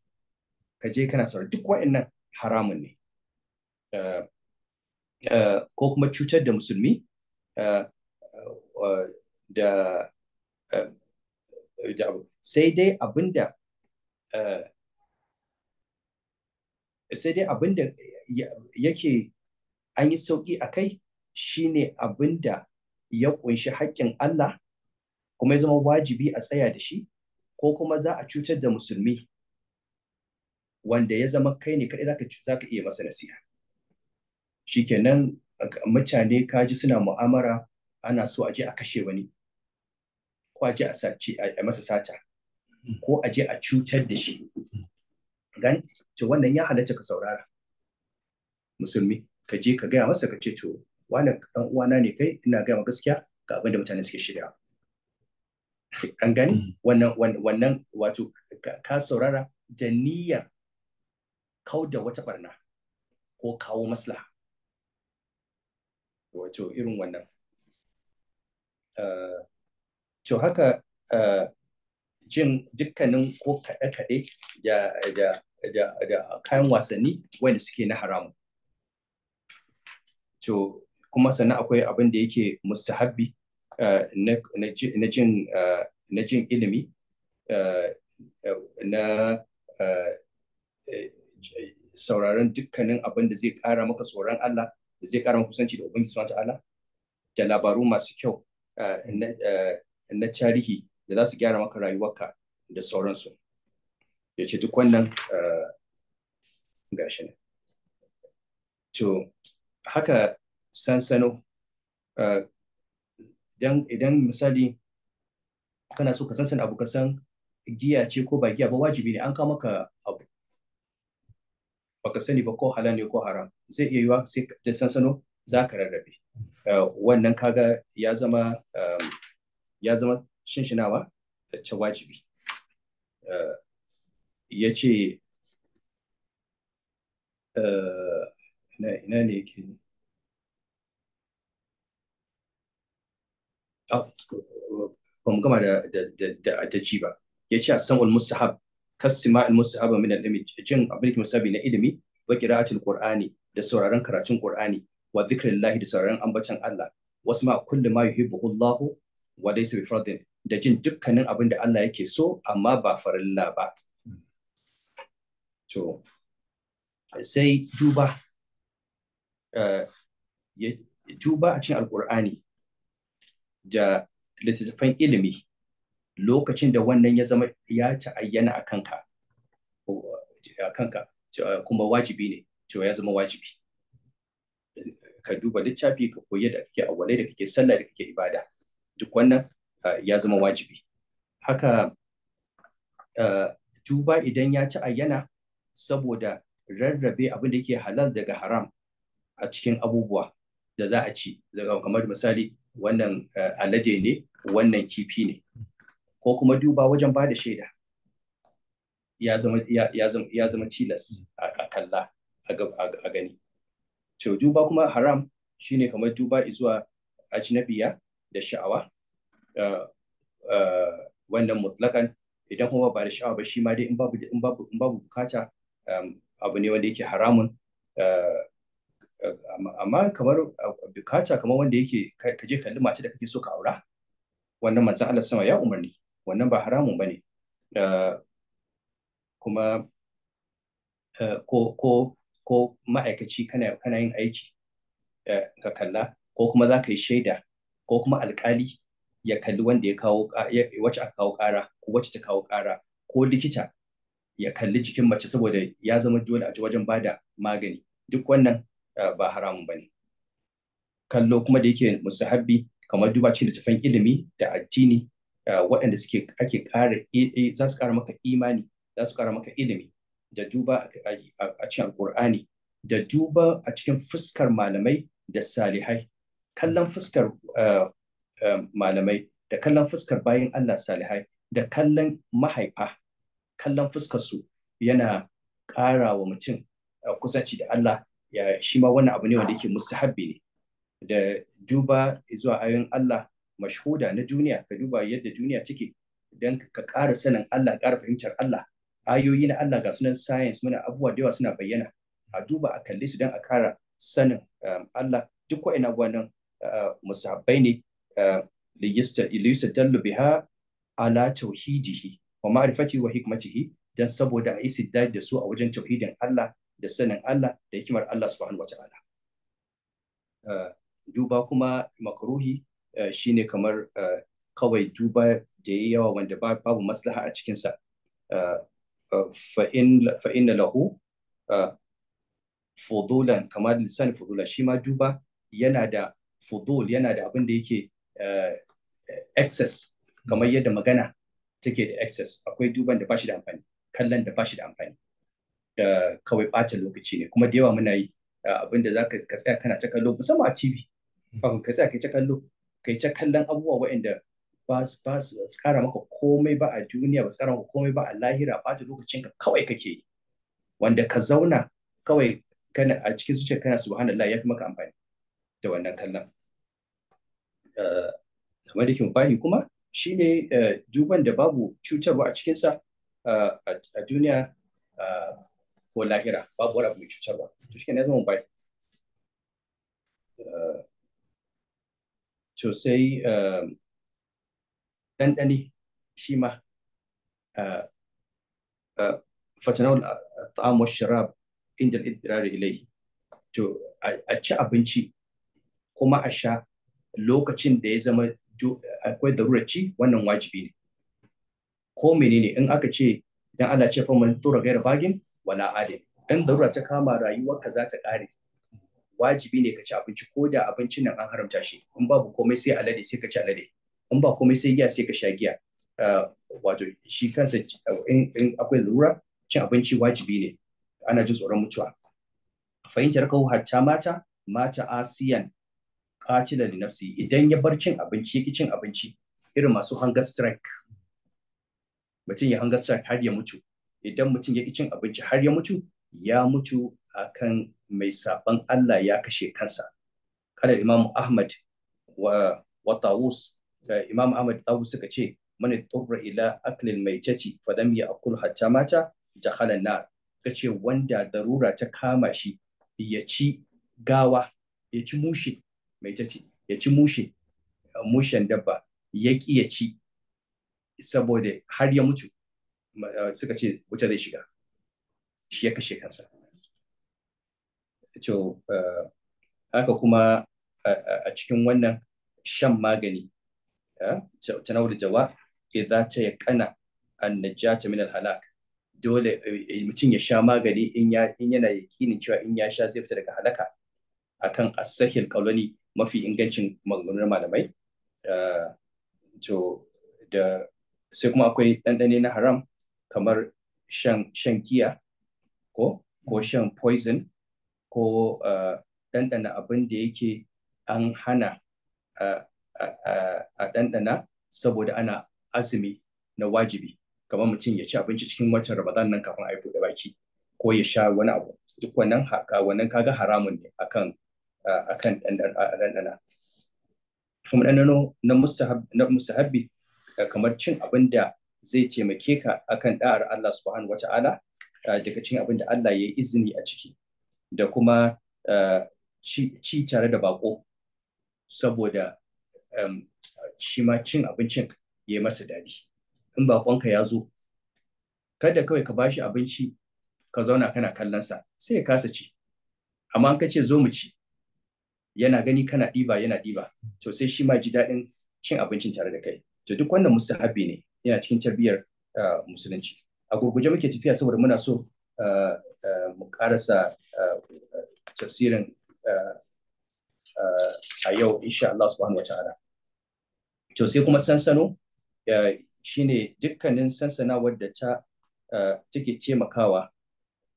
[SPEAKER 1] ka je kana saurari duk wa'annan haramun ne eh, eh, ko kuma cutar da musulmi eh, da sai dai abinda sai dai abinda yake an yi sauƙi a kai shine abin da ya kunshi haƙƙin Allah kuma ya zama wajibi a tsaya da shi ko kuma za a cutar da musulmi wanda ya zama kai ne kaɗai za ka iya masa nasiha shikenan mutane kaji suna mu'amara ana so a je a kashe wani ko a je a sace a masa sata ko a je a cutar da shi gan to wannan ya halatta ka saurara musulmi ka je ka gaya masa ka ce to Wannan dan uwana ne kai ina gaya ma gaskiya ga abin da mutane suke shirya an gani mm. wannan wannan wato ka saurara da niyyar kau wata barna ko kawo maslaha wato irin wannan eh, to haka eh, jin dukkanin ko kaɗe-kaɗe da kayan wasanni wanda suke na haramu to kuma sannan akwai abin da yake mustahabbi eh, eh, na jin ilimi eh, na sauraron dukkanin abin da zai kara maka tsoron Allah da zai ƙara maka kusanci da Ubangiji Subhanahu ta'ala da labaru masu kyau na tarihi da za su gyara maka rayuwarka da sauransu ya ce duk wannan gashi ne to haka sansano ah, idan misali kana so ka sansan abu ka san giya ce ko ba giya ba wajibi ne an kama ka abu baka sani ba ko halal ne ko haram zai iya yiwa sai da sansano za ka rarrabe ah, wannan kaga ya zama ah, ya zama shinshinawa ta wajibi ya ce ina ne ke Oh, ba mu gama da da da ji ba ya ce sam'ul mustahab kasima al mustahaba min al ilmi jin abin da musabi na ilimi wa qira'atul qur'ani da sauraron karatun qur'ani wa zikrillahi da sauraron ambatan Allah wasma kullu ma yuhibbuhu Allah wa laysa bi fardin da jin dukkanin abin da Allah yake so amma ba farilla ba to sai duba juba eh, a cikin alkur'ani da littattafan ilimi lokacin da wannan ya zama ya ta'ayyana a kanka kuma wajibi ne cewa ya zama wajibi ka duba littafi ka koyi da kake awalai da kake sallah da kake ibada duk wannan ya zama wajibi haka duba idan ya ta'ayyana saboda rarrabe abin da yake halal daga haram a cikin abubuwa da za a ci kamar misali wannan eh, alade ne wannan kifi ne ko kuma duba wajen ba da shaida ya zama tilas a kalla a gani to duba kuma haram shine kamar duba izuwa ajnabiya da sha'awa eh, eh, wannan mutlakan idan kuma ba da sha'awa ba shi ma dai in babu bukata abu ne wanda yake haramun amma kamar bukata kamar wanda yake ka je kalli mace da kake so ka aura wannan manzon Allah sama ya umarni wannan ba haramun bane kuma eh, ko ko ko ma'aikaci kana kana yin aiki eh, ka kalla ko kuma za ka yi shaida ko kuma alkali ya kalli wanda ya kawo wacce aka kawo kara ko wacce ta kawo kara ko likita ya kalli jikin mace saboda ya zama dole a ji wajen bada magani duk wannan Eh, ba haramun ba ne kallo kuma da yake musahabbi kamar duba cikin littattafan ilimi da addini eh, waɗanda suke ake ƙara eh, za su ƙara maka imani za su ƙara maka ilimi da duba a cikin alƙur'ani da duba a cikin fuskar malamai da salihai kallon fuskar malamai da kallon fuskar bayan Allah salihai da kallon mahaifa kallon fuskar su yana ƙara wa mutum kusanci da Allah ya shi ma wannan abu ne wanda yake mustahabbi ne da duba zuwa ayoyin Allah mashhuda na duniya ka duba yadda duniya take don ka ƙara sanin Allah ƙara fahimtar Allah ayoyi na Allah ga sunan science muna abubuwa da yawa suna bayyana a duba a kalli su don a ƙara sanin um, Allah duk wa'ina abubuwa nan uh, musabbai ne uh, liyusta dallu biha ala tauhidihi wa ma'rifati wa hikmatihi dan saboda a istidlal da su a wajen tauhidin Allah da sanin Allah da hikimar Allah subhanahu Ta'ala eh, duba kuma makaruhi eh, shine kamar eh, kawai duba da ya yawa wanda babu maslaha a cikinsa fa na lahu fudulan kamar lisan fudula shi ma duba yana da fudul yana da abin da yake excess kamar yadda magana take da excess akwai duban da bashi da amfani kallon da bashi da amfani da kawai bacin lokaci ne kuma da yawa muna yi abin da za ka tsaya kana ta kallo musamman a tv kafin ka tsaya kai ta kallo kai ta kallon abubuwa waɗanda ba su ba su kara maka komai ba a duniya ba su kara maka komai ba a lahira bacin lokacin ka kawai kake yi wanda ka zauna kawai kana a cikin zuciya kana subhanallah ya fi maka amfani da wannan kallon kamar da fahi kuma shine eh, duban da babu cutarwa a cikinsa a duniya ko lahira babu wani abu mai cutarwa to shi ne zama bai eh, to sai eh, ɗanɗani shi ma eh, fatanawul ta'am wa sharab inda al-idrar ilai to a ci abinci kuma a sha lokacin da ya zama akwai darurar ci wannan wajibi ne ko menene in aka ce dan Allah ce fa man tura gairar bagin wala adin in darura ta kama rayuwarka za ta kare wajibi ne ka ci abinci ko da abincin nan an haramta shi in babu komai sai alade sai ka ci alade in ba komai sai giya sai ka sha giya eh, wato shi kansa in akwai lura cin abinci wajibi ne ana jin tsoron mutuwa fahimtar kawo hatta mata mata asiyan katila da nafsi idan ya bar cin abinci yake cin abinci irin masu hunger strike mutum ya hunger strike har ya mutu idan mutum ya cin abinci har ya mutu ya mutu akan mai saban Allah ya kashe kansa kada Imam Ahmad wa wa Tawus eh, Imam Ahmad Tawus suka ce man tubra ila aklil maitati fadam ya akul hatta mata na. nar kace wanda darura ta kama shi ya ci gawa ya ci mushe maitati ya ci mushe mushen dabba ya ki ya ci saboda har ya mutu Eh, suka ce wuta zai shiga shi ya kashe kansa to eh, haka kuma eh, a cikin wannan shan magani ta da jawa idza ta kana an najata min al-halak dole mutum ya sha magani in yana yakinin cewa in ya sha zai fita daga halaka akan asahil sahih mafi ingancin maganganun malamai to da sai kuma akwai ɗanɗane na haram kamar shan, shan kiya ko, ko mm. shan poison ko uh, ɗanɗana abin da yake an hana a ɗanɗana saboda ana azumi na wajibi kamar mutum ya ci abinci cikin watan ramadan nan kafin a yi buɗe baki ko ya sha wani abu duk wannan wannan kaga haramun ne akan akan ɗanɗana kuma ɗanɗano na musahabi uh, kamar cin abin da zai taimake ka akan da'ar Allah subhanahu wata'ala eh, daga cikin abin da Allah ya yi izini a ciki da kuma eh, ci tare da bako saboda shi ma cin abincin ya yi masa daɗi in bakonka ya zo kada kawai ka bashi abinci ka zauna kana kallonsa sai ya kasa ci amma an ka ce zo mu ci yana gani kana ɗiba yana ɗiba to sai shi ma ji daɗin cin abincin tare da kai to duk wannan musahabi ne yana cikin tarbiyyar eh, musulunci a gurguje muke tafiya saboda muna so eh, eh, mu karasa tafsirin a yau insha Allah subhanahu wa ta'ala to sai kuma sansano shine dukkanin sansana wadda ta take taimakawa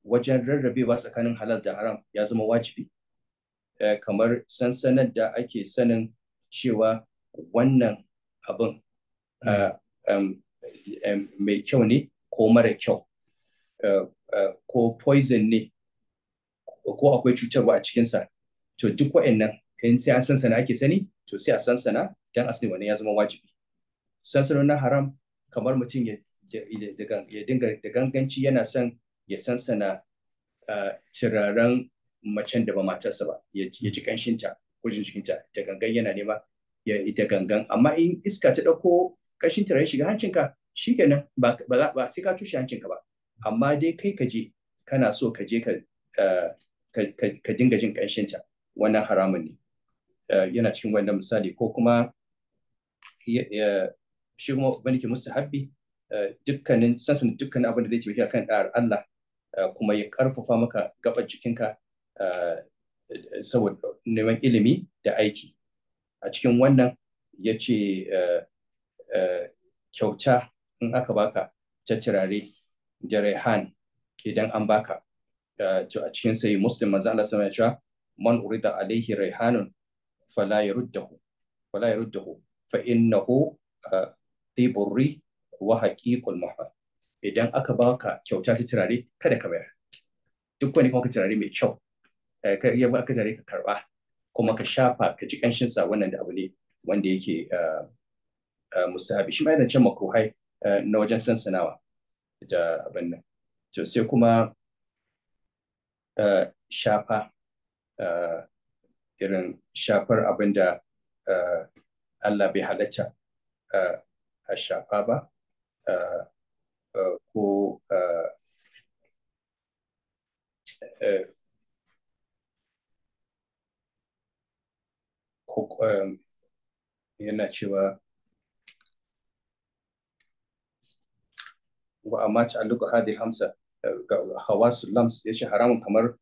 [SPEAKER 1] wajen rarrabewa tsakanin halal da haram ya zama wajibi kamar sansanar da ake sanin cewa wannan abin Um, um, mai kyau ne ko mara kyau uh, uh, ko poison ne ko akwai cutarwa a cikinsa to duk wa'annan in sai an sansana ake sani to sai a sansana, sana dan asali wannan ya zama wajibi sansanin na haram kamar mutum ya dinga da ganganci yana son ya sansana ciraren uh, macen da ba matarsa ba ya ji kanshinta ko jin jikinta ta gangan yana nema ya ita gangan amma in iska ta ɗauko kashin tare shiga hancinka shikenan ba ba sai ka tushe hancinka ba amma dai kai ka je kana so ka je ka eh, dinga jin ƙanshinta. wannan haramun ne eh, yana cikin wannan misali ko kuma shi kuma wani ke musu habbi eh, dukkanin sansan dukkanin abin da zai taimaki akan ɗa'ar Allah kuma ya ƙarfafa maka gaɓar jikinka saboda neman ilimi da aiki a cikin wannan ya ce kyauta in aka baka ta turare da raihan idan an baka eh, to a cikin sai muslim manzo Allah sama ya cewa man urida alaihi raihanun fala yaruddahu fala yaruddahu fa innahu eh, tiburri wa haqiqul mahmal idan aka baka kyauta ta turare kada ka bayar duk wani kuma ka turare mai kyau eh, ka iya baka turare ka karba kuma ka shafa ka ji kanshin sa wannan da abu ne wanda yake Eh, musahabi shi ma yana can makohai eh, na wajen sansanawa da abin nan to sai kuma eh, shafa irin shafar abin da Allah bai halatta a shafa ba ko yana cewa wa amma ta'alluqu hadi hamsa ga hawasul lams ce haramun kamar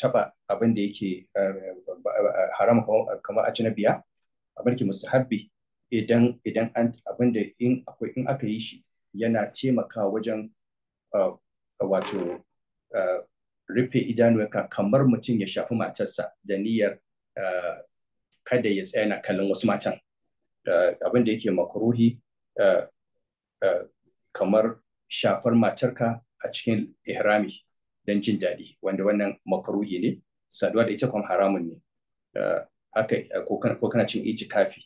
[SPEAKER 1] taba abin da yake eh, haramun kamar a biya a da mustahabbi idan idan an abin da in akwai in aka yi shi yana taimaka wajen eh, wato eh, rufe idanuwa kamar mutum ya shafi matarsa da niyyar kada ya tsaya na kallon wasu matan abin da yake makaruhi kamar shafar matarka a cikin ihrami don jin daɗi wanda wannan makaruhi ne saduwa da ita kuma haramun ne eh, haka ko kana cin kafi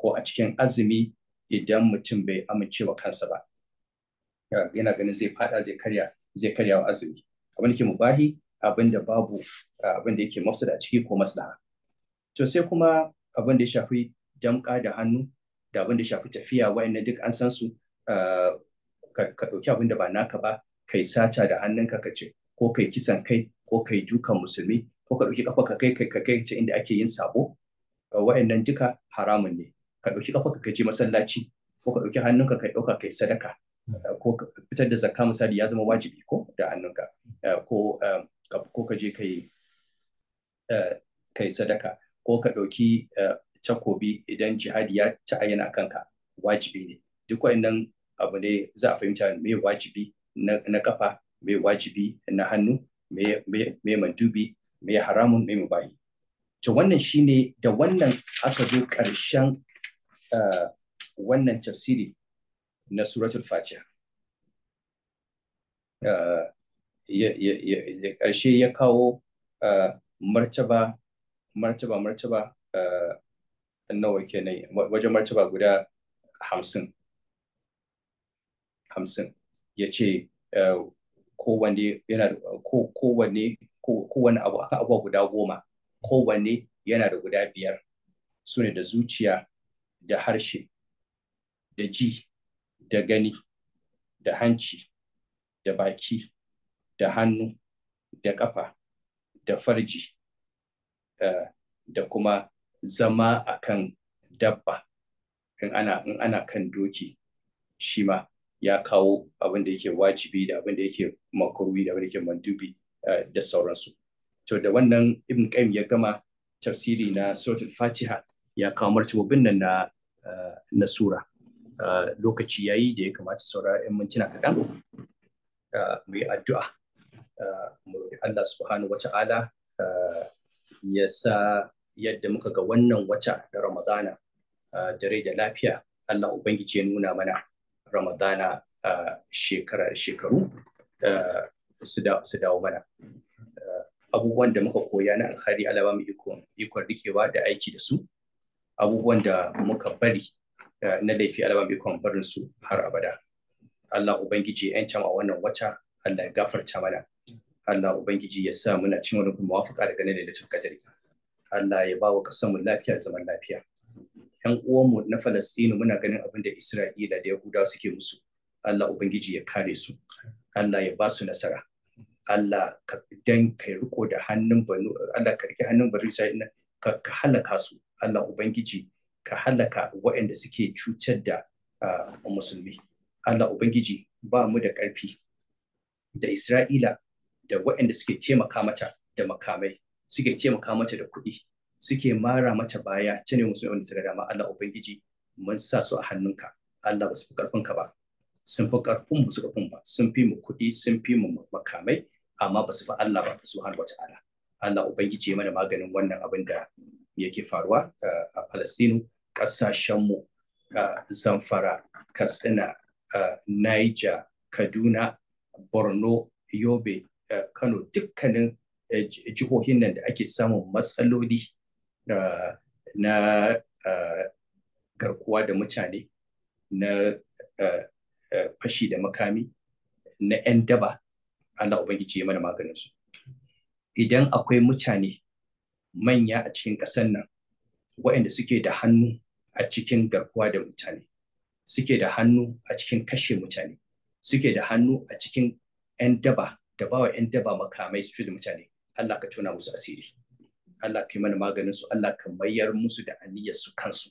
[SPEAKER 1] ko a cikin azumi idan mutum bai amincewa kansa ba eh, yana ganin zai fada zai karya zai karya wa azumi abin da ke mubahi abin da babu eh, abin da yake mafsada a ciki ko maslaha to sai kuma abin da ya shafi damƙa da hannu da abin da ya shafi tafiya wa'annan duk an san su ka ɗauki abin da ba naka ba kai sata da hannunka ka ce ko kai kisan kai ko kai dukan musulmi ko ka ɗauki kafa ka kai ka kai ta inda ake yin sabo wa'annan duka haramun ne ka ɗauki kafa ka je masallaci ko ka ɗauki hannunka ka ɗauka kai sadaka ko fitar da zakka misali ya zama wajibi ko da hannunka eh, ko eh, ko ka je kai eh, kai sadaka ko ka ɗauki takobi idan jihadi ya ta'ayyana kanka wajibi ne duk wa'annan abu ne za a fahimta me wajibi na kafa me wajibi na hannu me mandubi me haramun me mubayi to wannan shine da wannan aka zo karshen eh, wannan tafsiri na suratul fatiha karshe eh, ya kawo eh, martaba martaba martaba nawa wajen martaba guda hamsin hamsin ya ce eh, kowanne yana abu akan abuwa guda goma kowanne yana da guda biyar su ne da zuciya da harshe da ji da gani da hanci da baki da hannu da kafa da farji eh, da kuma zama akan dabba in ana in ana kan doki shi ma ya kawo abin da yake wajibi da abin da yake makurwi da abin da yake mandubi eh, da sauransu to da wannan ibn qayyim ya gama tafsiri na suratul fatiha ya kawo martubobin nan na eh, na sura eh, lokaci yayi da ya kamata saura yan mintuna kaɗan mu yi addu'a mu roƙi Allah subhanahu wata'ala ya sa yadda muka ga wannan wata da Ramadana dare da lafiya Allah Ubangiji ya nuna mana ramadana shekaru su dawo mana abubuwan da muka koya na alkhari alaba mu ikon rikewa da aiki da su abubuwan da muka bari na laifi alaba mu ikon barin su har abada Allah ubangiji ya yanta a wannan wata Allah ya gafarta mana Allah ubangiji ya sa muna cin wani muwafaqa daga nan da tukkatar Allah ya ba wa kasanmu lafiya zaman lafiya 'yan uwanmu na Falastinu muna ganin abin da Isra'ila da yahuda suke musu. Allah Ubangiji ya kare su, Allah ya ba su nasara. Allah ka dan ka riko da hannun banu Allah ka rike hannun banu Isra'ila ka, ka halaka su Allah Ubangiji ka halaka waɗanda suke cutar da uh, musulmi. Allah Ubangiji ba mu da ƙarfi da Isra'ila da waɗanda suke taimaka mata da makamai suke taimaka mata da kuɗi suke mara mata baya ta ne musu wanda suka dama Allah ubangiji mun sa su a hannunka Allah ba su fi karfin ka ba sun fi karfin su karfin ba sun fi mu kuɗi sun fi mu makamai amma ba su fi Allah ba subhanahu ala Allah ubangiji mana maganin wannan abin da yake faruwa eh, a Palestinu mu eh, Zamfara Katsina eh, Niger Kaduna Borno Yobe Kano dukkanin jihohin nan da ake samun matsaloli na garkuwa da mutane na fashi da makami na 'yan daba Allah Ubangiji ya mana maganinsu. Idan akwai mutane manya a cikin ƙasar nan waɗanda suke da hannu a cikin garkuwa da mutane, suke da hannu a cikin kashe mutane, suke da hannu a cikin 'yan daba da bawa 'yan daba makamai su da mutane, Allah ka tuna musu asiri. Allah kai mana maganin su Allah ka mayar musu da aniyar su kansu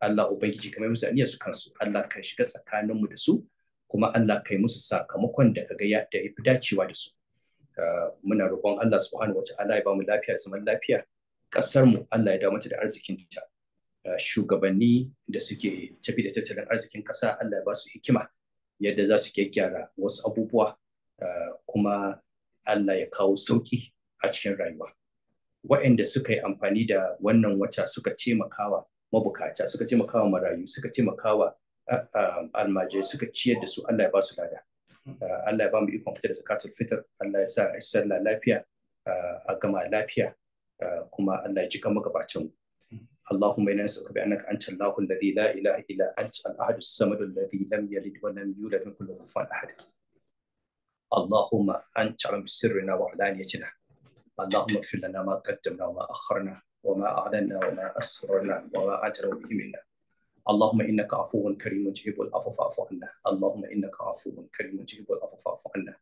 [SPEAKER 1] Allah ubangiji ka mayar musu aniyar su kansu Allah ka shiga tsakanin mu da su kuma Allah kai musu sakamakon da kaga ya da fi dacewa da su ah, muna roƙon Allah subhanahu wataala ya ba mu lafiya zaman lafiya kasar mu Allah ya dawo mata da arzikin ta ah, shugabanni da suke tafi da tattalin arzikin ƙasa Allah ya ba su hikima yadda za su gyaggyara wasu abubuwa ah, kuma Allah ya kawo sauki a cikin rayuwa. waɗanda suka yi amfani da wannan wata suka taimakawa mabukata suka taimakawa marayu suka taimakawa almajai suka ciyar da su Allah ya ba su lada mm-hmm. uh, Allah ya ba mu ikon fitar da zakatul fitr Allah ya sa a sallah lafiya uh, a gama lafiya uh, kuma Allah ya ji kama magabatan mu اللهم انا نسالك بانك انت الله الذي لا اله الا انت الاحد الصمد الذي لم يلد ولم يولد من كل كفوا احد اللهم انت علم سرنا وعلانيتنا اللهم اغفر لنا ما قدمنا وما أخرنا وما أعلنا وما أسررنا وما أجروا به منا اللهم إنك عفو كريم تجيب العفو فاعف عنا اللهم إنك عفو كريم تجيب العفو فاعف عنا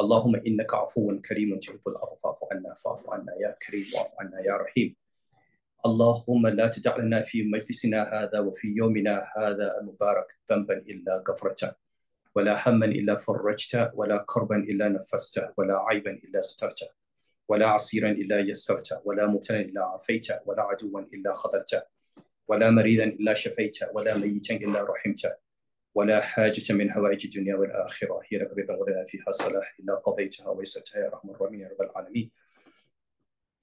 [SPEAKER 1] اللهم إنك عفو كريم تجيب العفو فاعف عنا فاعف عنا يا كريم واعف عنا يا رحيم اللهم لا تجعلنا في مجلسنا هذا وفي يومنا هذا المبارك ذنبا إلا غفرته ولا هما إلا فرجته ولا كربا إلا نفسته ولا عيبا إلا سترته ولا عسيرا إلا يسرته ولا مبتلا إلا عافيته ولا عدوا إلا خذلته ولا مريضا إلا شفيته ولا ميتا إلا رحمته ولا حاجة من حوائج الدنيا والآخرة هي لك ولا فيها صلاح إلا قضيتها ويسرتها يا رحم الرحيم يا رب العالمين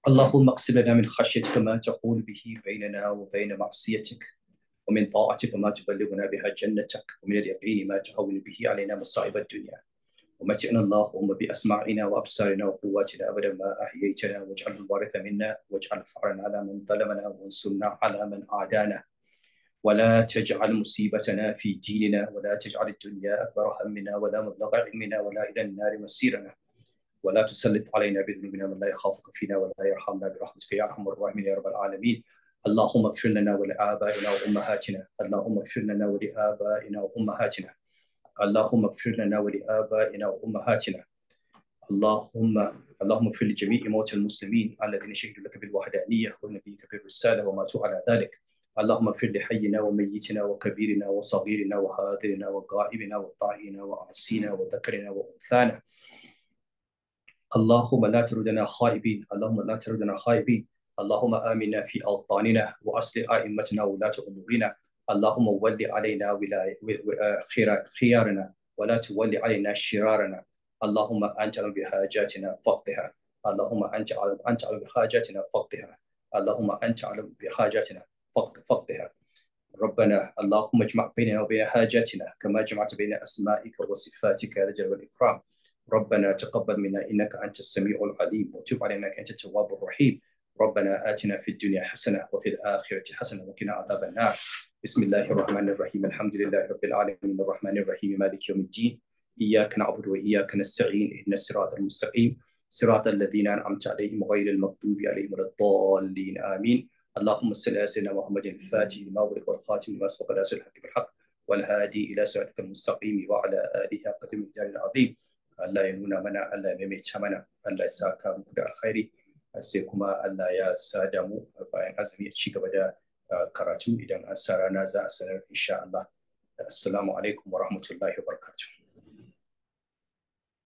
[SPEAKER 1] اللهم اقسم لنا من خشيتك ما تقول به بيننا وبين معصيتك ومن طاعتك ما تبلغنا بها جنتك ومن اليقين ما تهون به علينا مصائب الدنيا ومتئنا اللهم بأسماعنا وأبصارنا وقواتنا أبدا ما أحييتنا واجعل الوارث منا واجعل فقرنا على من ظلمنا وانصرنا على من أعدانا ولا تجعل مصيبتنا في ديننا ولا تجعل الدنيا أكبر همنا ولا مبلغ علمنا ولا إلى النار مسيرنا ولا تسلط علينا بذنوبنا من لا يخافك فينا ولا يرحمنا برحمتك يا أرحم الراحمين يا رب العالمين اللهم اغفر لنا ولآبائنا وأمهاتنا اللهم اغفر لنا ولآبائنا وأمهاتنا اللهم اغفر لنا ولآبائنا وأمهاتنا اللهم اللهم اغفر لجميع موتى المسلمين الذين شهدوا لك بالوحدانية ونبيك بالرسالة وماتوا على ذلك اللهم اغفر لحينا وميتنا وكبيرنا وصغيرنا وحاضرنا وغائبنا وطائنا وعصينا وذكرنا وأنثانا اللهم لا تردنا خائبين اللهم لا تردنا خائبين اللهم آمنا في أوطاننا وأصل أئمتنا ولاة أمورنا اللهم ولي علينا ولاي آه، خيارنا ولا تولي علينا شرارنا اللهم انت على بحاجاتنا فقها اللهم انت على انت على بحاجاتنا فقها اللهم انت على بحاجاتنا فقها ربنا اللهم اجمع بيننا وبين حاجاتنا كما جمعت بين اسمائك وصفاتك يا الجلال والاكرام ربنا تقبل منا انك انت السميع العليم وتب علينا انك انت التواب الرحيم ربنا اتنا في الدنيا حسنه وفي الاخره حسنه وقنا عذاب النار بسم الله الرحمن الرحيم الحمد لله رب العالمين الرحمن الرحيم مالك يوم الدين إياك نعبد وإياك نستعين إن الصراط المستقيم صراط الذين أنعمت عليهم غير المغضوب عليهم ولا الضالين آمين اللهم صل على سيدنا محمد الفاتح لما أغلق والخاتم لما سبق ناصر الحق بالحق والهادي إلى صراطك المستقيم وعلى آله حق الجلال العظيم Allah ya منا mana يميت ya maimaita mana Allah ya saka muku da alkhairi sai kuma Allah ya sada karatu idan an sa rana za a sanar insha Allah assalamu alaikum wa rahmatullahi wa barakatuh